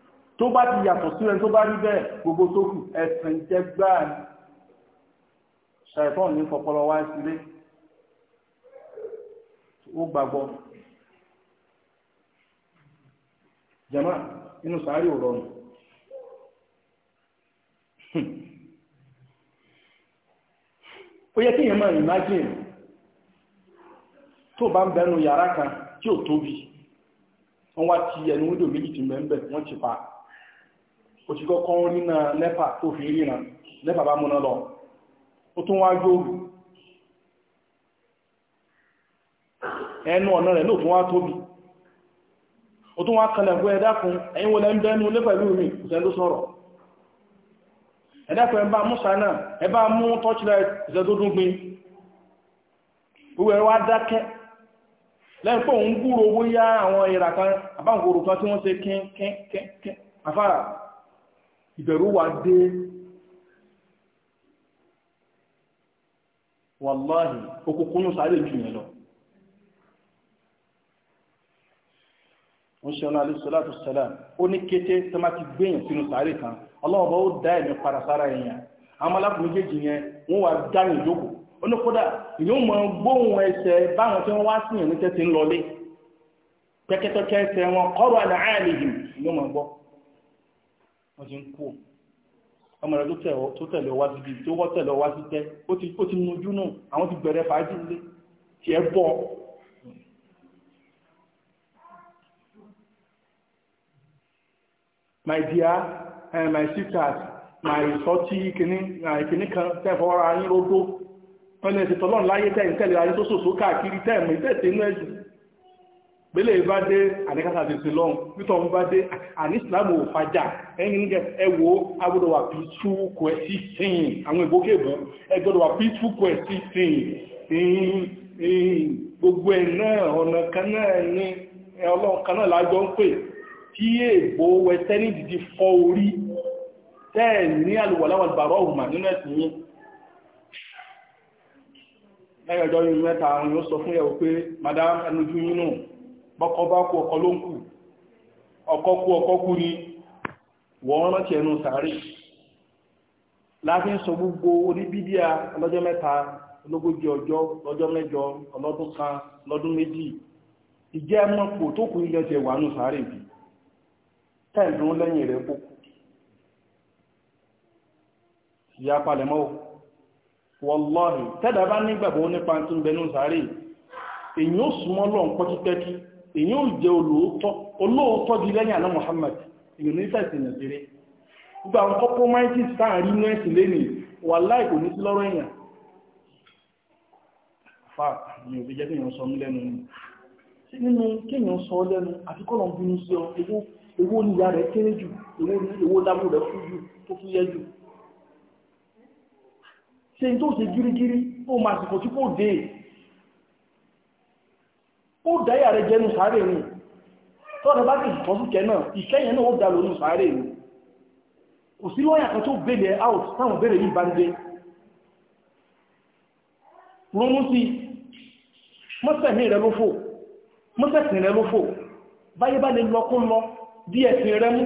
tó bá ti yàtọ̀ sí rẹ tó bá rí bẹ́ẹ̀ gbogbo tó kù ẹ̀sìn jẹ́ gbáà ni ṣàìfọ́n ní fọpọlọ wá sílé ó gbàgbọ́ jama inú sàárì ò rọrùn ó yẹ kí èèyàn máa imagine tó bá ń bẹnu yàrá kan tí ò tóbi wọ́n wá ti ẹnu wíńdò méjì ti mẹ́ńbẹ̀ wọ́n ti pa á ó ti kọ́kọ́ nínà lẹ́pà tó fi ríran lẹ́pà bá múná lọ ó tún wá jóòrù ẹnu ọ̀nà rẹ̀ ló tún wá tóbi ó tún wá kalẹ̀gbọ́ ẹ̀dàkùn ẹ̀yìn wọlé ń bẹ́nu lẹ́pẹ̀lú mi ìṣẹ́ ló sọ̀rọ̀ ẹ̀dàkùn ẹ̀bá mú sánà ẹ̀bá mú torchlight ìṣẹ́ tó dún gbin gbogbo ẹ̀wà dákẹ́ lẹ́pọ̀ ń gúrò owó yá àwọn ìbẹ̀rù wà dé wàláhì okùnkùn yóò sáré jù yẹn lọ wọ́n ṣe ọ̀nà alẹ́sọ́látò sẹ́lá ó ní kété tó má ti sínú sáré kan ọlọ́ọ̀bọ̀ ó dá ẹ̀mí para sára èèyàn àwọn alákùnrin yẹn wọ́n wà dáyìn ó ní kódà gbóhùn tí wá wọ́n ti ń kú ọmọ rẹ̀ tó tẹ̀lé ọwá sí ibi tó wọ́ tẹ̀lé ọwá sí tẹ́ ó ti nujú náà àwọn ti bẹ̀rẹ̀ fàájì nílé tí ẹ bọ́ my dear uh, my sisters my sọ́tí ìkíní eh, kan tẹ́fọ́ ara yín rógó wọ́n lè ṣètọ́lọ́n láyé tẹ́yìn tẹ́lẹ̀ ayé tó sòsó káàkiri tẹ́ẹ̀mù ìtẹ́ẹ̀tẹ́ inú ẹ̀jù gbélé bá dé àdékàtà àti ìsìlọ́hùn nítorí bá dé àní ìsìlámù ò fàjà ẹ̀yìn jẹ́ ẹwò agbọ́dọ̀ wà peaceful coexisting àwọn ìgbókèbó ẹgbọ́dọ̀ wà peaceful coexisting gbogbo ẹ̀ náà ọ̀nà kan náà ní ọlọ́run kan náà lájọ ń pè tí èèbò wẹsẹ́ ní dìdí fọ orí tẹ́ẹ̀ ní àlùwàláwà bàrọ̀ ọ̀hùnmà nínú ẹ̀sìn madam ẹnu ju yín bọ́kọ bá kú ọkọ ló ń kù ọkọ kú ọkọ kú ni wọ́n rántí ẹnu sàárè láti ń sọ gbogbo oníbídíà ọlọ́jọ́ mẹ́ta ológójì ọjọ́ lọ́jọ́ mẹ́jọ ọlọ́dún kan lọ́dún méjì ìjẹ́ mọ́pò tó kù ti wà ní sàárè bí tẹ́ẹ̀dún lẹ́yìn rẹ̀ kó ìyá èyí ò jẹ́ olóòótọ́ olóòótọ́ di lẹ́yìn àná Muhammad èyí ní sẹ́sì nàìjíríà gbogbo àwọn compromises táà rí inú ẹ̀sìn lẹ́nu wà láì kò ní sí lọ́rọ̀ èèyàn fà ní òbí jẹ́ kéèyàn sọ lẹ́nu sí nínú kéèyàn sọ lẹ́nu àti kọ́lọ̀ ń bínú sí ọ owó níyà rẹ̀ kéré jù owó lábú rẹ̀ fún jù tó fún yẹ jù ṣe tó ṣe gírígírí ó máa sì kò tí kò dé ó dáyà rẹ jẹ́nu sáré ni tọ́ọ̀dọ̀ bá ti ìtọ́sùkẹ́ náà ìkẹyẹn náà ó dá lórí sáré ni kò sí lọ́yà kan tó bèèrè out táwọn bèèrè yìí bá ń dé ronú sí mọ́sẹ̀mí rẹ ló fò mọ́sẹ̀sìn rẹ ló fò báyé bá lè lọ́kún lọ bí ẹ̀sìn rẹ mú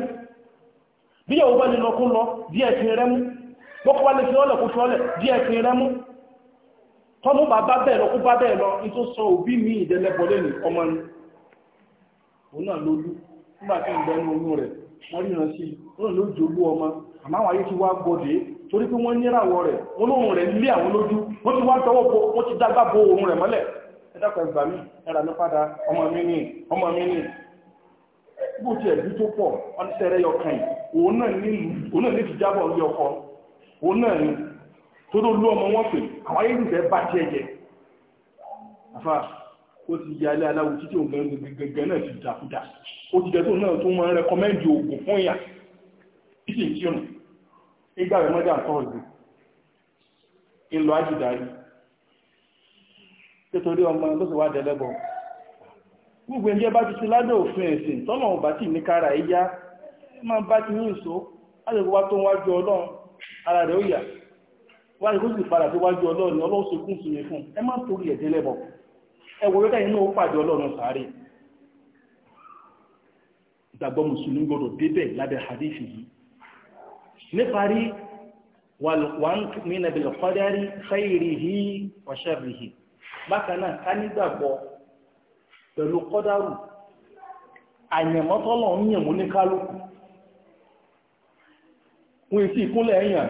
bí ẹ̀wọ́ bá lè lọ́kún lọ bí ẹ̀sìn rẹ mú bọ́kọ́ bá lè fi ọlẹ̀ kó fi ọlẹ̀ bí ẹ̀sìn rẹ mú tọ́mú bá bá bẹ́ẹ̀ lọ kó bá bẹ́ẹ̀ lọ ní tó sọ òbí mi ọmọ ni òun náà lójú nígbà ń ní rẹ̀ wọ́n ríran sí wọ́n ló jòlú ọmọ àmọ́ àwọn ti wá gbọ́dé torí pé wọ́n níràwọ̀ rẹ̀ rẹ̀ lé àwọn lójú wọ́n ti wá tọwọ́ wọ́n ti dágbà rẹ̀ mọ́lẹ̀ tó tó lú ọmọ wọn pè àwọn ayélujáfẹ́ bá jẹ́ jẹ́ àfà ó ti ya ilé aláwo títí òun gẹ́gẹ́ náà ti dàkúdà ó ti dẹ́tò náà tó máa ń rẹkọmẹ́ndì oògùn fún ìyà títí tí ó nù ìgbà rẹ̀ mọ́jà tọ́ ọ̀dù ìlọ ajídarí nítorí ọmọ ló sì wá dẹ̀lẹ́bọ̀ gbogbo ẹjẹ́ bá ti ṣe ládọ̀ òfin ẹ̀sìn tọ́nà ọba tí ní kára ẹ̀yá máa bá ti ní ìṣó á lè wá tó wájú ọlọ́run ara rẹ̀ ó yà wá ní kó sì padà sí wájú ọlọ́run ọlọ́run sókún sí mi fún ẹ má torí ẹ̀dẹ́ lẹ́bọ̀ ẹ wọ wíkà inú pàdé ọlọ́run sáré ìgbàgbọ́ mùsùlùmí gbọdọ̀ débẹ̀ lábẹ́ hadith yìí níparí wàlùwàn min bil qadari khairihi wa sharrihi bákan náà ká nígbàgbọ́ pẹ̀lú kọ́dárù àyẹ̀mọ́tọ́lọ́ ń yẹ̀mú ní kálukú fún etí ìkúnlẹ̀ ẹ̀yàn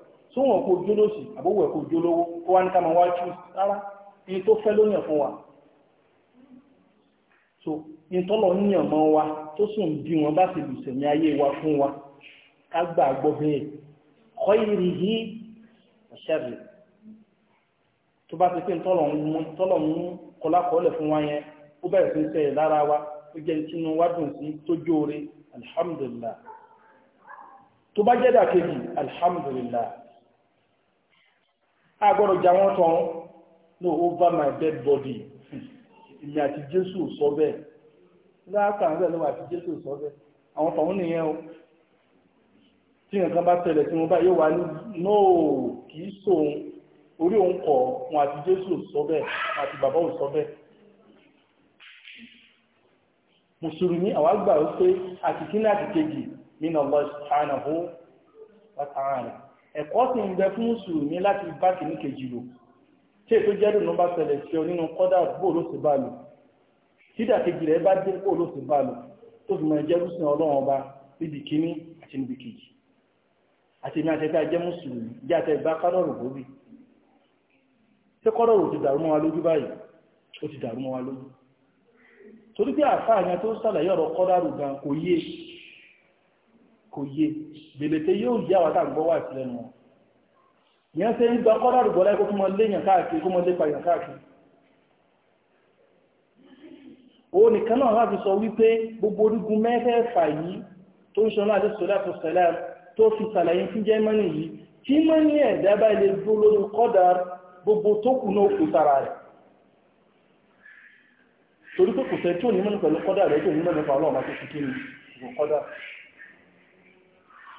sóhun ọ̀pọ̀ ojúlóṣì àbówọ̀ ẹ̀kọ́ ojúlówó kó wá ní ká máa wá jù rárá ní tó fẹ́ ló yàn fún wa so ní tọ́lọ̀ ń yàn mọ́ wa tó sùn bí wọn bá ti lùsẹ̀ ní ayé wa fún wa ká gbà gbọ́ bẹ́ẹ̀ kọ́ ìrì yí ọ̀ṣẹ́rì tó bá ti pé tọ́lọ̀ ń kọlákọọ́lẹ̀ fún wa yẹn ó bẹ̀rẹ̀ sí ń sẹ́yìn lára wa ó jẹ́ tinú wa dùn sí tó jóore alhamdulillah tó bá jẹ́ dàkejì alhamdulillah agbọ́dọ̀ jà wọ́n tán no over my dead body èmi àti jésù sọ bẹ́ẹ̀ láàpá àwọn ẹlẹ́wà àti jésù sọ bẹ́ẹ̀ àwọn tọ̀hún nìyẹn o tí nǹkan bá tẹ̀lẹ̀ tí wọ́n bá yóò wá ní no kì í sóhun orí òun kọ̀ wọn àti jésù sọ bẹ́ẹ̀ àti bàbá ò sọ bẹ́ẹ̀ mùsùlùmí àwọn àgbà ó pé àtìkí ní àtìkejì nínú Allah subhanahu wa ta'ala ẹ̀kọ́ sì ń bẹ fún mùsùlùmí láti bá kìíní kejì lò tí èso jẹ́ dùn bá ṣẹlẹ̀ sí ọ nínú kọ́dà bó ló sì bá lò títà kejì rẹ̀ bá dé bó ló sì bá lò tó fi mọ ẹjẹ́ rúsìn ọlọ́run ọba níbi kìíní àti níbi kejì àti èmi àti ẹgbẹ́ ajẹ́ mùsùlùmí jẹ́ àti ẹgbẹ́ kọ́dọ̀rù bóbi ṣé kọ́dọ̀rù ti dàrú mọ́ wa lójú báyìí ó ti dàrú mọ́ wa lójú torí pé àfáà yẹn tó sàlàyé ọ̀rọ̀ kọ́dọ̀rù gan kò yé kò yé bèbètè yóò yé àwọn àtàgbọ́ wà sílẹ̀ nù wọn yẹn ṣe ń gba kọ́dà àdúgbò láì kó kó mọ lé yàn káàkiri kó mọ lé pa yàn káàkiri òun nìkan náà láti sọ wípé gbogbo orígun mẹ́fẹ̀ẹ̀fà yìí tó ń ṣe láti sọ́lá tó sẹ́lá tó fi sàlàyé fún jẹ́mọ́nì yìí tí mọ́ ní ẹ̀dá bá ilé dúró lórí kọ́dà gbogbo tó kù náà kò sára rẹ̀ torí pé kò sẹ́ tí ò ní mọ́nì pẹ̀lú kọ́dà rẹ̀ tó ní mọ́nì pẹ̀lú ọmọ tó fi kí ni kọ́dà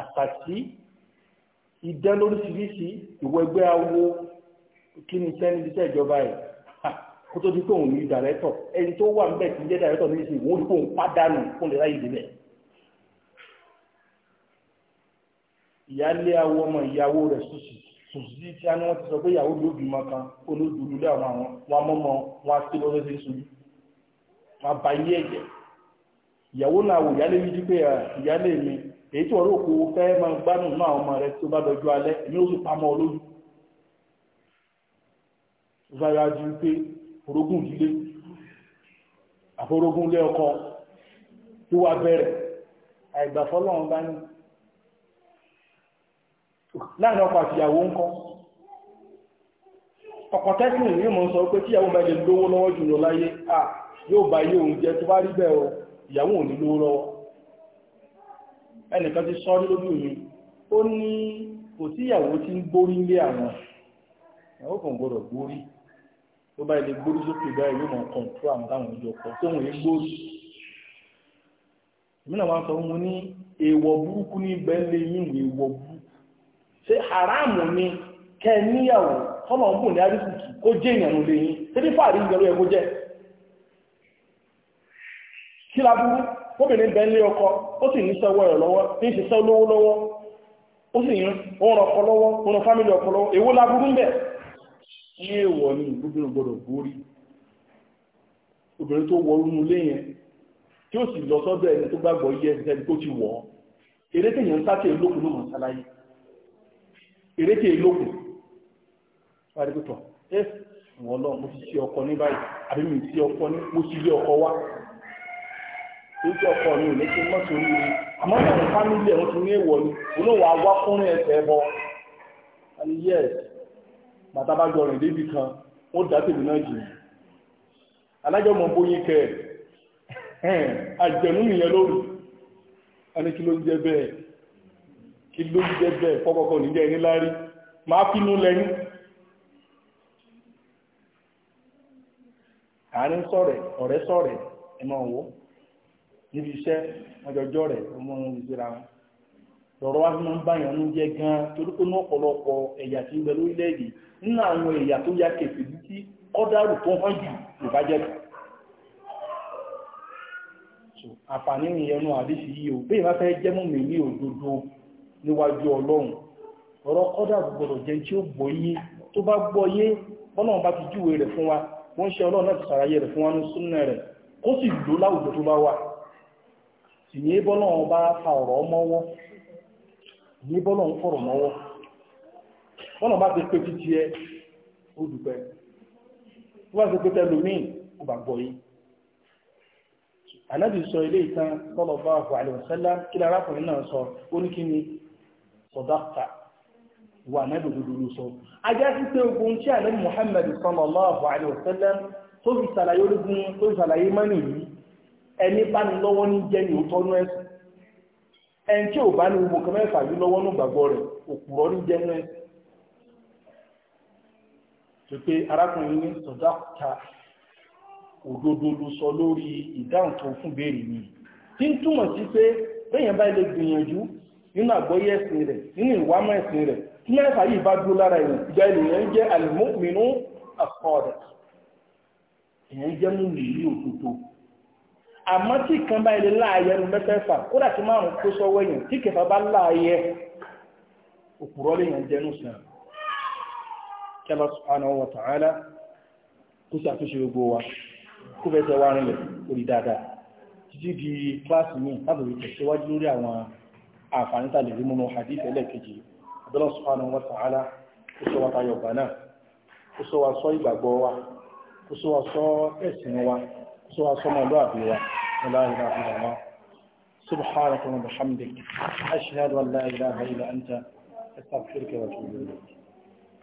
àṣàṣì ìdẹ́ lóríṣiríṣi ìwọ ẹgbẹ́ awo kí ni sẹ́ni ibi iṣẹ́ ìjọba yìí kó tó di pé òun ní dàrẹ́tọ̀ ẹni tó wà níbẹ̀ tí ń jẹ́ dàrẹ́tọ̀ ní ìsìn òun kò ń pàdánù kó lè ráyè débẹ̀. ìyáálé awo ọmọ ìyàwó rẹ̀ sùsì sùsì tí a ní wọ́n ti sọ pé ìyàwó ló bímọ kan olódùlú lé àwọn àwọn wọn mọ́mọ́ wọn á sí sí sùn wọn bá yé ẹ̀jẹ̀ ìyàwó náà wò ìyáálé yìí pé ìyáálé mi èyí tí wọ́n rò kó o fẹ́ máa gbádùn náà àwọn ọmọ rẹ tí ó bá dọjú alẹ́ èmi ó sì pamọ́ olójú ó bá yára ju pé orogún ìdílé àforogún ilé ọkọ tó wá bẹ̀rẹ̀ àìgbàfọ́lọ́run bá ní láàrin ọkọ àti ìyàwó ń kọ́ ọkọ̀ tẹ́sìn ní mọ̀ sọ pé tíyàwó bá jẹ lówó lọ́wọ́ jùlọ láyé à yóò bá yóò jẹ tó bá rí bẹ́ẹ̀ o ìyàwó ò ní lówó lọ́wọ́ ẹnìkan ti sọ ọ́ lójú mi ó ní kò síyàwó tí ń gbórí lé àwọn ìyàwó kan gbọdọ̀ gbórí tó bá ilé gbórí sókè báyìí yóò máa kàn tó àwọn táwọn ìjọ kọ tóun èé gbórí èmi náà wá sọ fún mi ní èèwọ̀ burúkú ní bẹ́ẹ̀ lé yín èèwọ̀ burúkú ṣé haramu ni kẹ́ níyàwó kọ́mọ̀ ń bùn ní àrísìkì kó jẹ́ ìyànú lé yín tẹ́lifà rí ìyànú obìnrin bẹ́ẹ̀ lé ọkọ ó sì ní sọ́wọ́ ẹ̀rọ lọ́wọ́ ní ìṣiṣẹ́ olówó lọ́wọ́ ó sì ń ọkọ lọ́wọ́ ó ràn ọkọ lọ́wọ́ bẹ̀ ní ni ìgbógun gbọdọ̀ obìnrin tó wọ inú ilé yẹn tí ó sì lọ sọ́dọ̀ ẹni tó gbàgbọ́ yẹ ẹni tó ti wọ̀ ń sáké lókun ló sáláyé eré ọkọ ní báyìí àbí mi ọkọ ní ọkọ wá lójú ọkọ mi ò lékè mọ́tò oríire àmọ́ àwọn fámìlì ẹ̀ wọ́n ti ní èèwọ̀ ni olóòwò àwa kúnrin ẹsẹ̀ bọ ẹni yẹ rìn débi kan ó dá tèmi náà jì alájọ mọ bóyin kẹ nìyẹn lórí ẹni kí ló ń jẹ kí ló ń jẹ ẹni fínú níbi iṣẹ́ ọjọ́jọ́ rẹ̀ ọmọ wọn ìṣera wọn lọ́rọ̀ wá máa ń báyàn ní jẹ́ gan-an torí pé ní ọ̀pọ̀lọpọ̀ ẹ̀yà tí ń bẹ lórílẹ̀-èdè nínú àwọn ẹ̀yà tó ya kẹfì títí kọ́dárù tó hàn jù kò bá jẹ́ jù àǹfààní ìyẹn nu àdéṣe yìí o bẹ́ẹ̀ bá fẹ́ jẹ́ mú mi ní òdodo níwájú ọlọ́run ọ̀rọ̀ kọ́dárù gbọ́dọ̀ jẹ́ tí ó gbọ́ yé tó bá gbọ́ yé bọ́lọ́run bá ti júwe rẹ̀ fún wa wọ́n ṣe ọlọ́run náà ti sàlàyé rẹ̀ fún wa ní súnà rẹ̀ kó sì lò láwùjọ tó bá wà sì yé bọ́lọ̀ wọn bá fa ọ̀rọ̀ mọ́wọ́ yé bọ́lọ̀ ń fọ̀rọ̀ mọ́wọ́ bọ́lọ̀ bá ti pé títí ẹ ó dùpẹ́ tó bá ti pé tẹlómìn ó bá gbọ́ yìí ànábì sọ ilé ìtàn tọ́lọ̀ bá wà àlè òṣèlá kí lára ọkùnrin náà sọ ó ní kí ni sọdáfà wà ànábì òdodo sọ ajá sí pé ogun tí ànábì Muhammad sallallahu alaihi wasallam tó fi sàlàyé ológun tó fi sàlàyé mọ́nì yìí ẹni bá ní lọ́wọ́ ní jẹ́ ní òótọ́ ní ẹ̀sìn ẹni tí ò bá ní gbogbo kan mẹ́fà yìí lọ́wọ́ ní gbàgbọ́ rẹ̀ òpùrọ́ ní jẹ́ ní ẹ̀sìn tó pé arákùnrin ní òdodo ló sọ lórí ìdáhùn tó fún béèrè mi tí ń túmọ̀ sí pé bẹ́yẹn bá ilé gbìyànjú nínú àgbọ́yé ẹ̀sìn rẹ̀ nínú ìwámọ̀ ẹ̀sìn rẹ̀ tí mẹ́fà yìí bá dúró lára ìwọ̀n ìjà ènìyàn jẹ́ àlùmọ́ọ̀mìnú àkọọ̀dẹ̀ èèyàn jẹ́ mú nìyí àmọ́ tí kan bá ilé láàyè ẹnu mẹ́fẹ́fà ó dàtí márùn kó sọ́wọ́ èèyàn tí kẹfà bá láàyè òpùrọ́ lèèyàn jẹnu sàn kẹlá subhanahu wa ta'ala kó sì àtúnṣe gbogbo wa kó fẹ́ tẹ wá rinlẹ̀ orí dáadáa títí di kíláàsì mi láti rí tẹ̀síwájú lórí àwọn àǹfààní tàbí rí mọ́nà hadith ẹlẹ́ẹ̀kejì abẹ́lá subhanahu wa ta'ala kó sọ wa tayọ̀ gbà kó sọ wa sọ ìgbàgbọ́ wa kó sọ wa sọ ẹ̀sìn wa سوى صمى وبحمدك أشهد أن لا إله إلا أنت استغفرك وأتوب إليك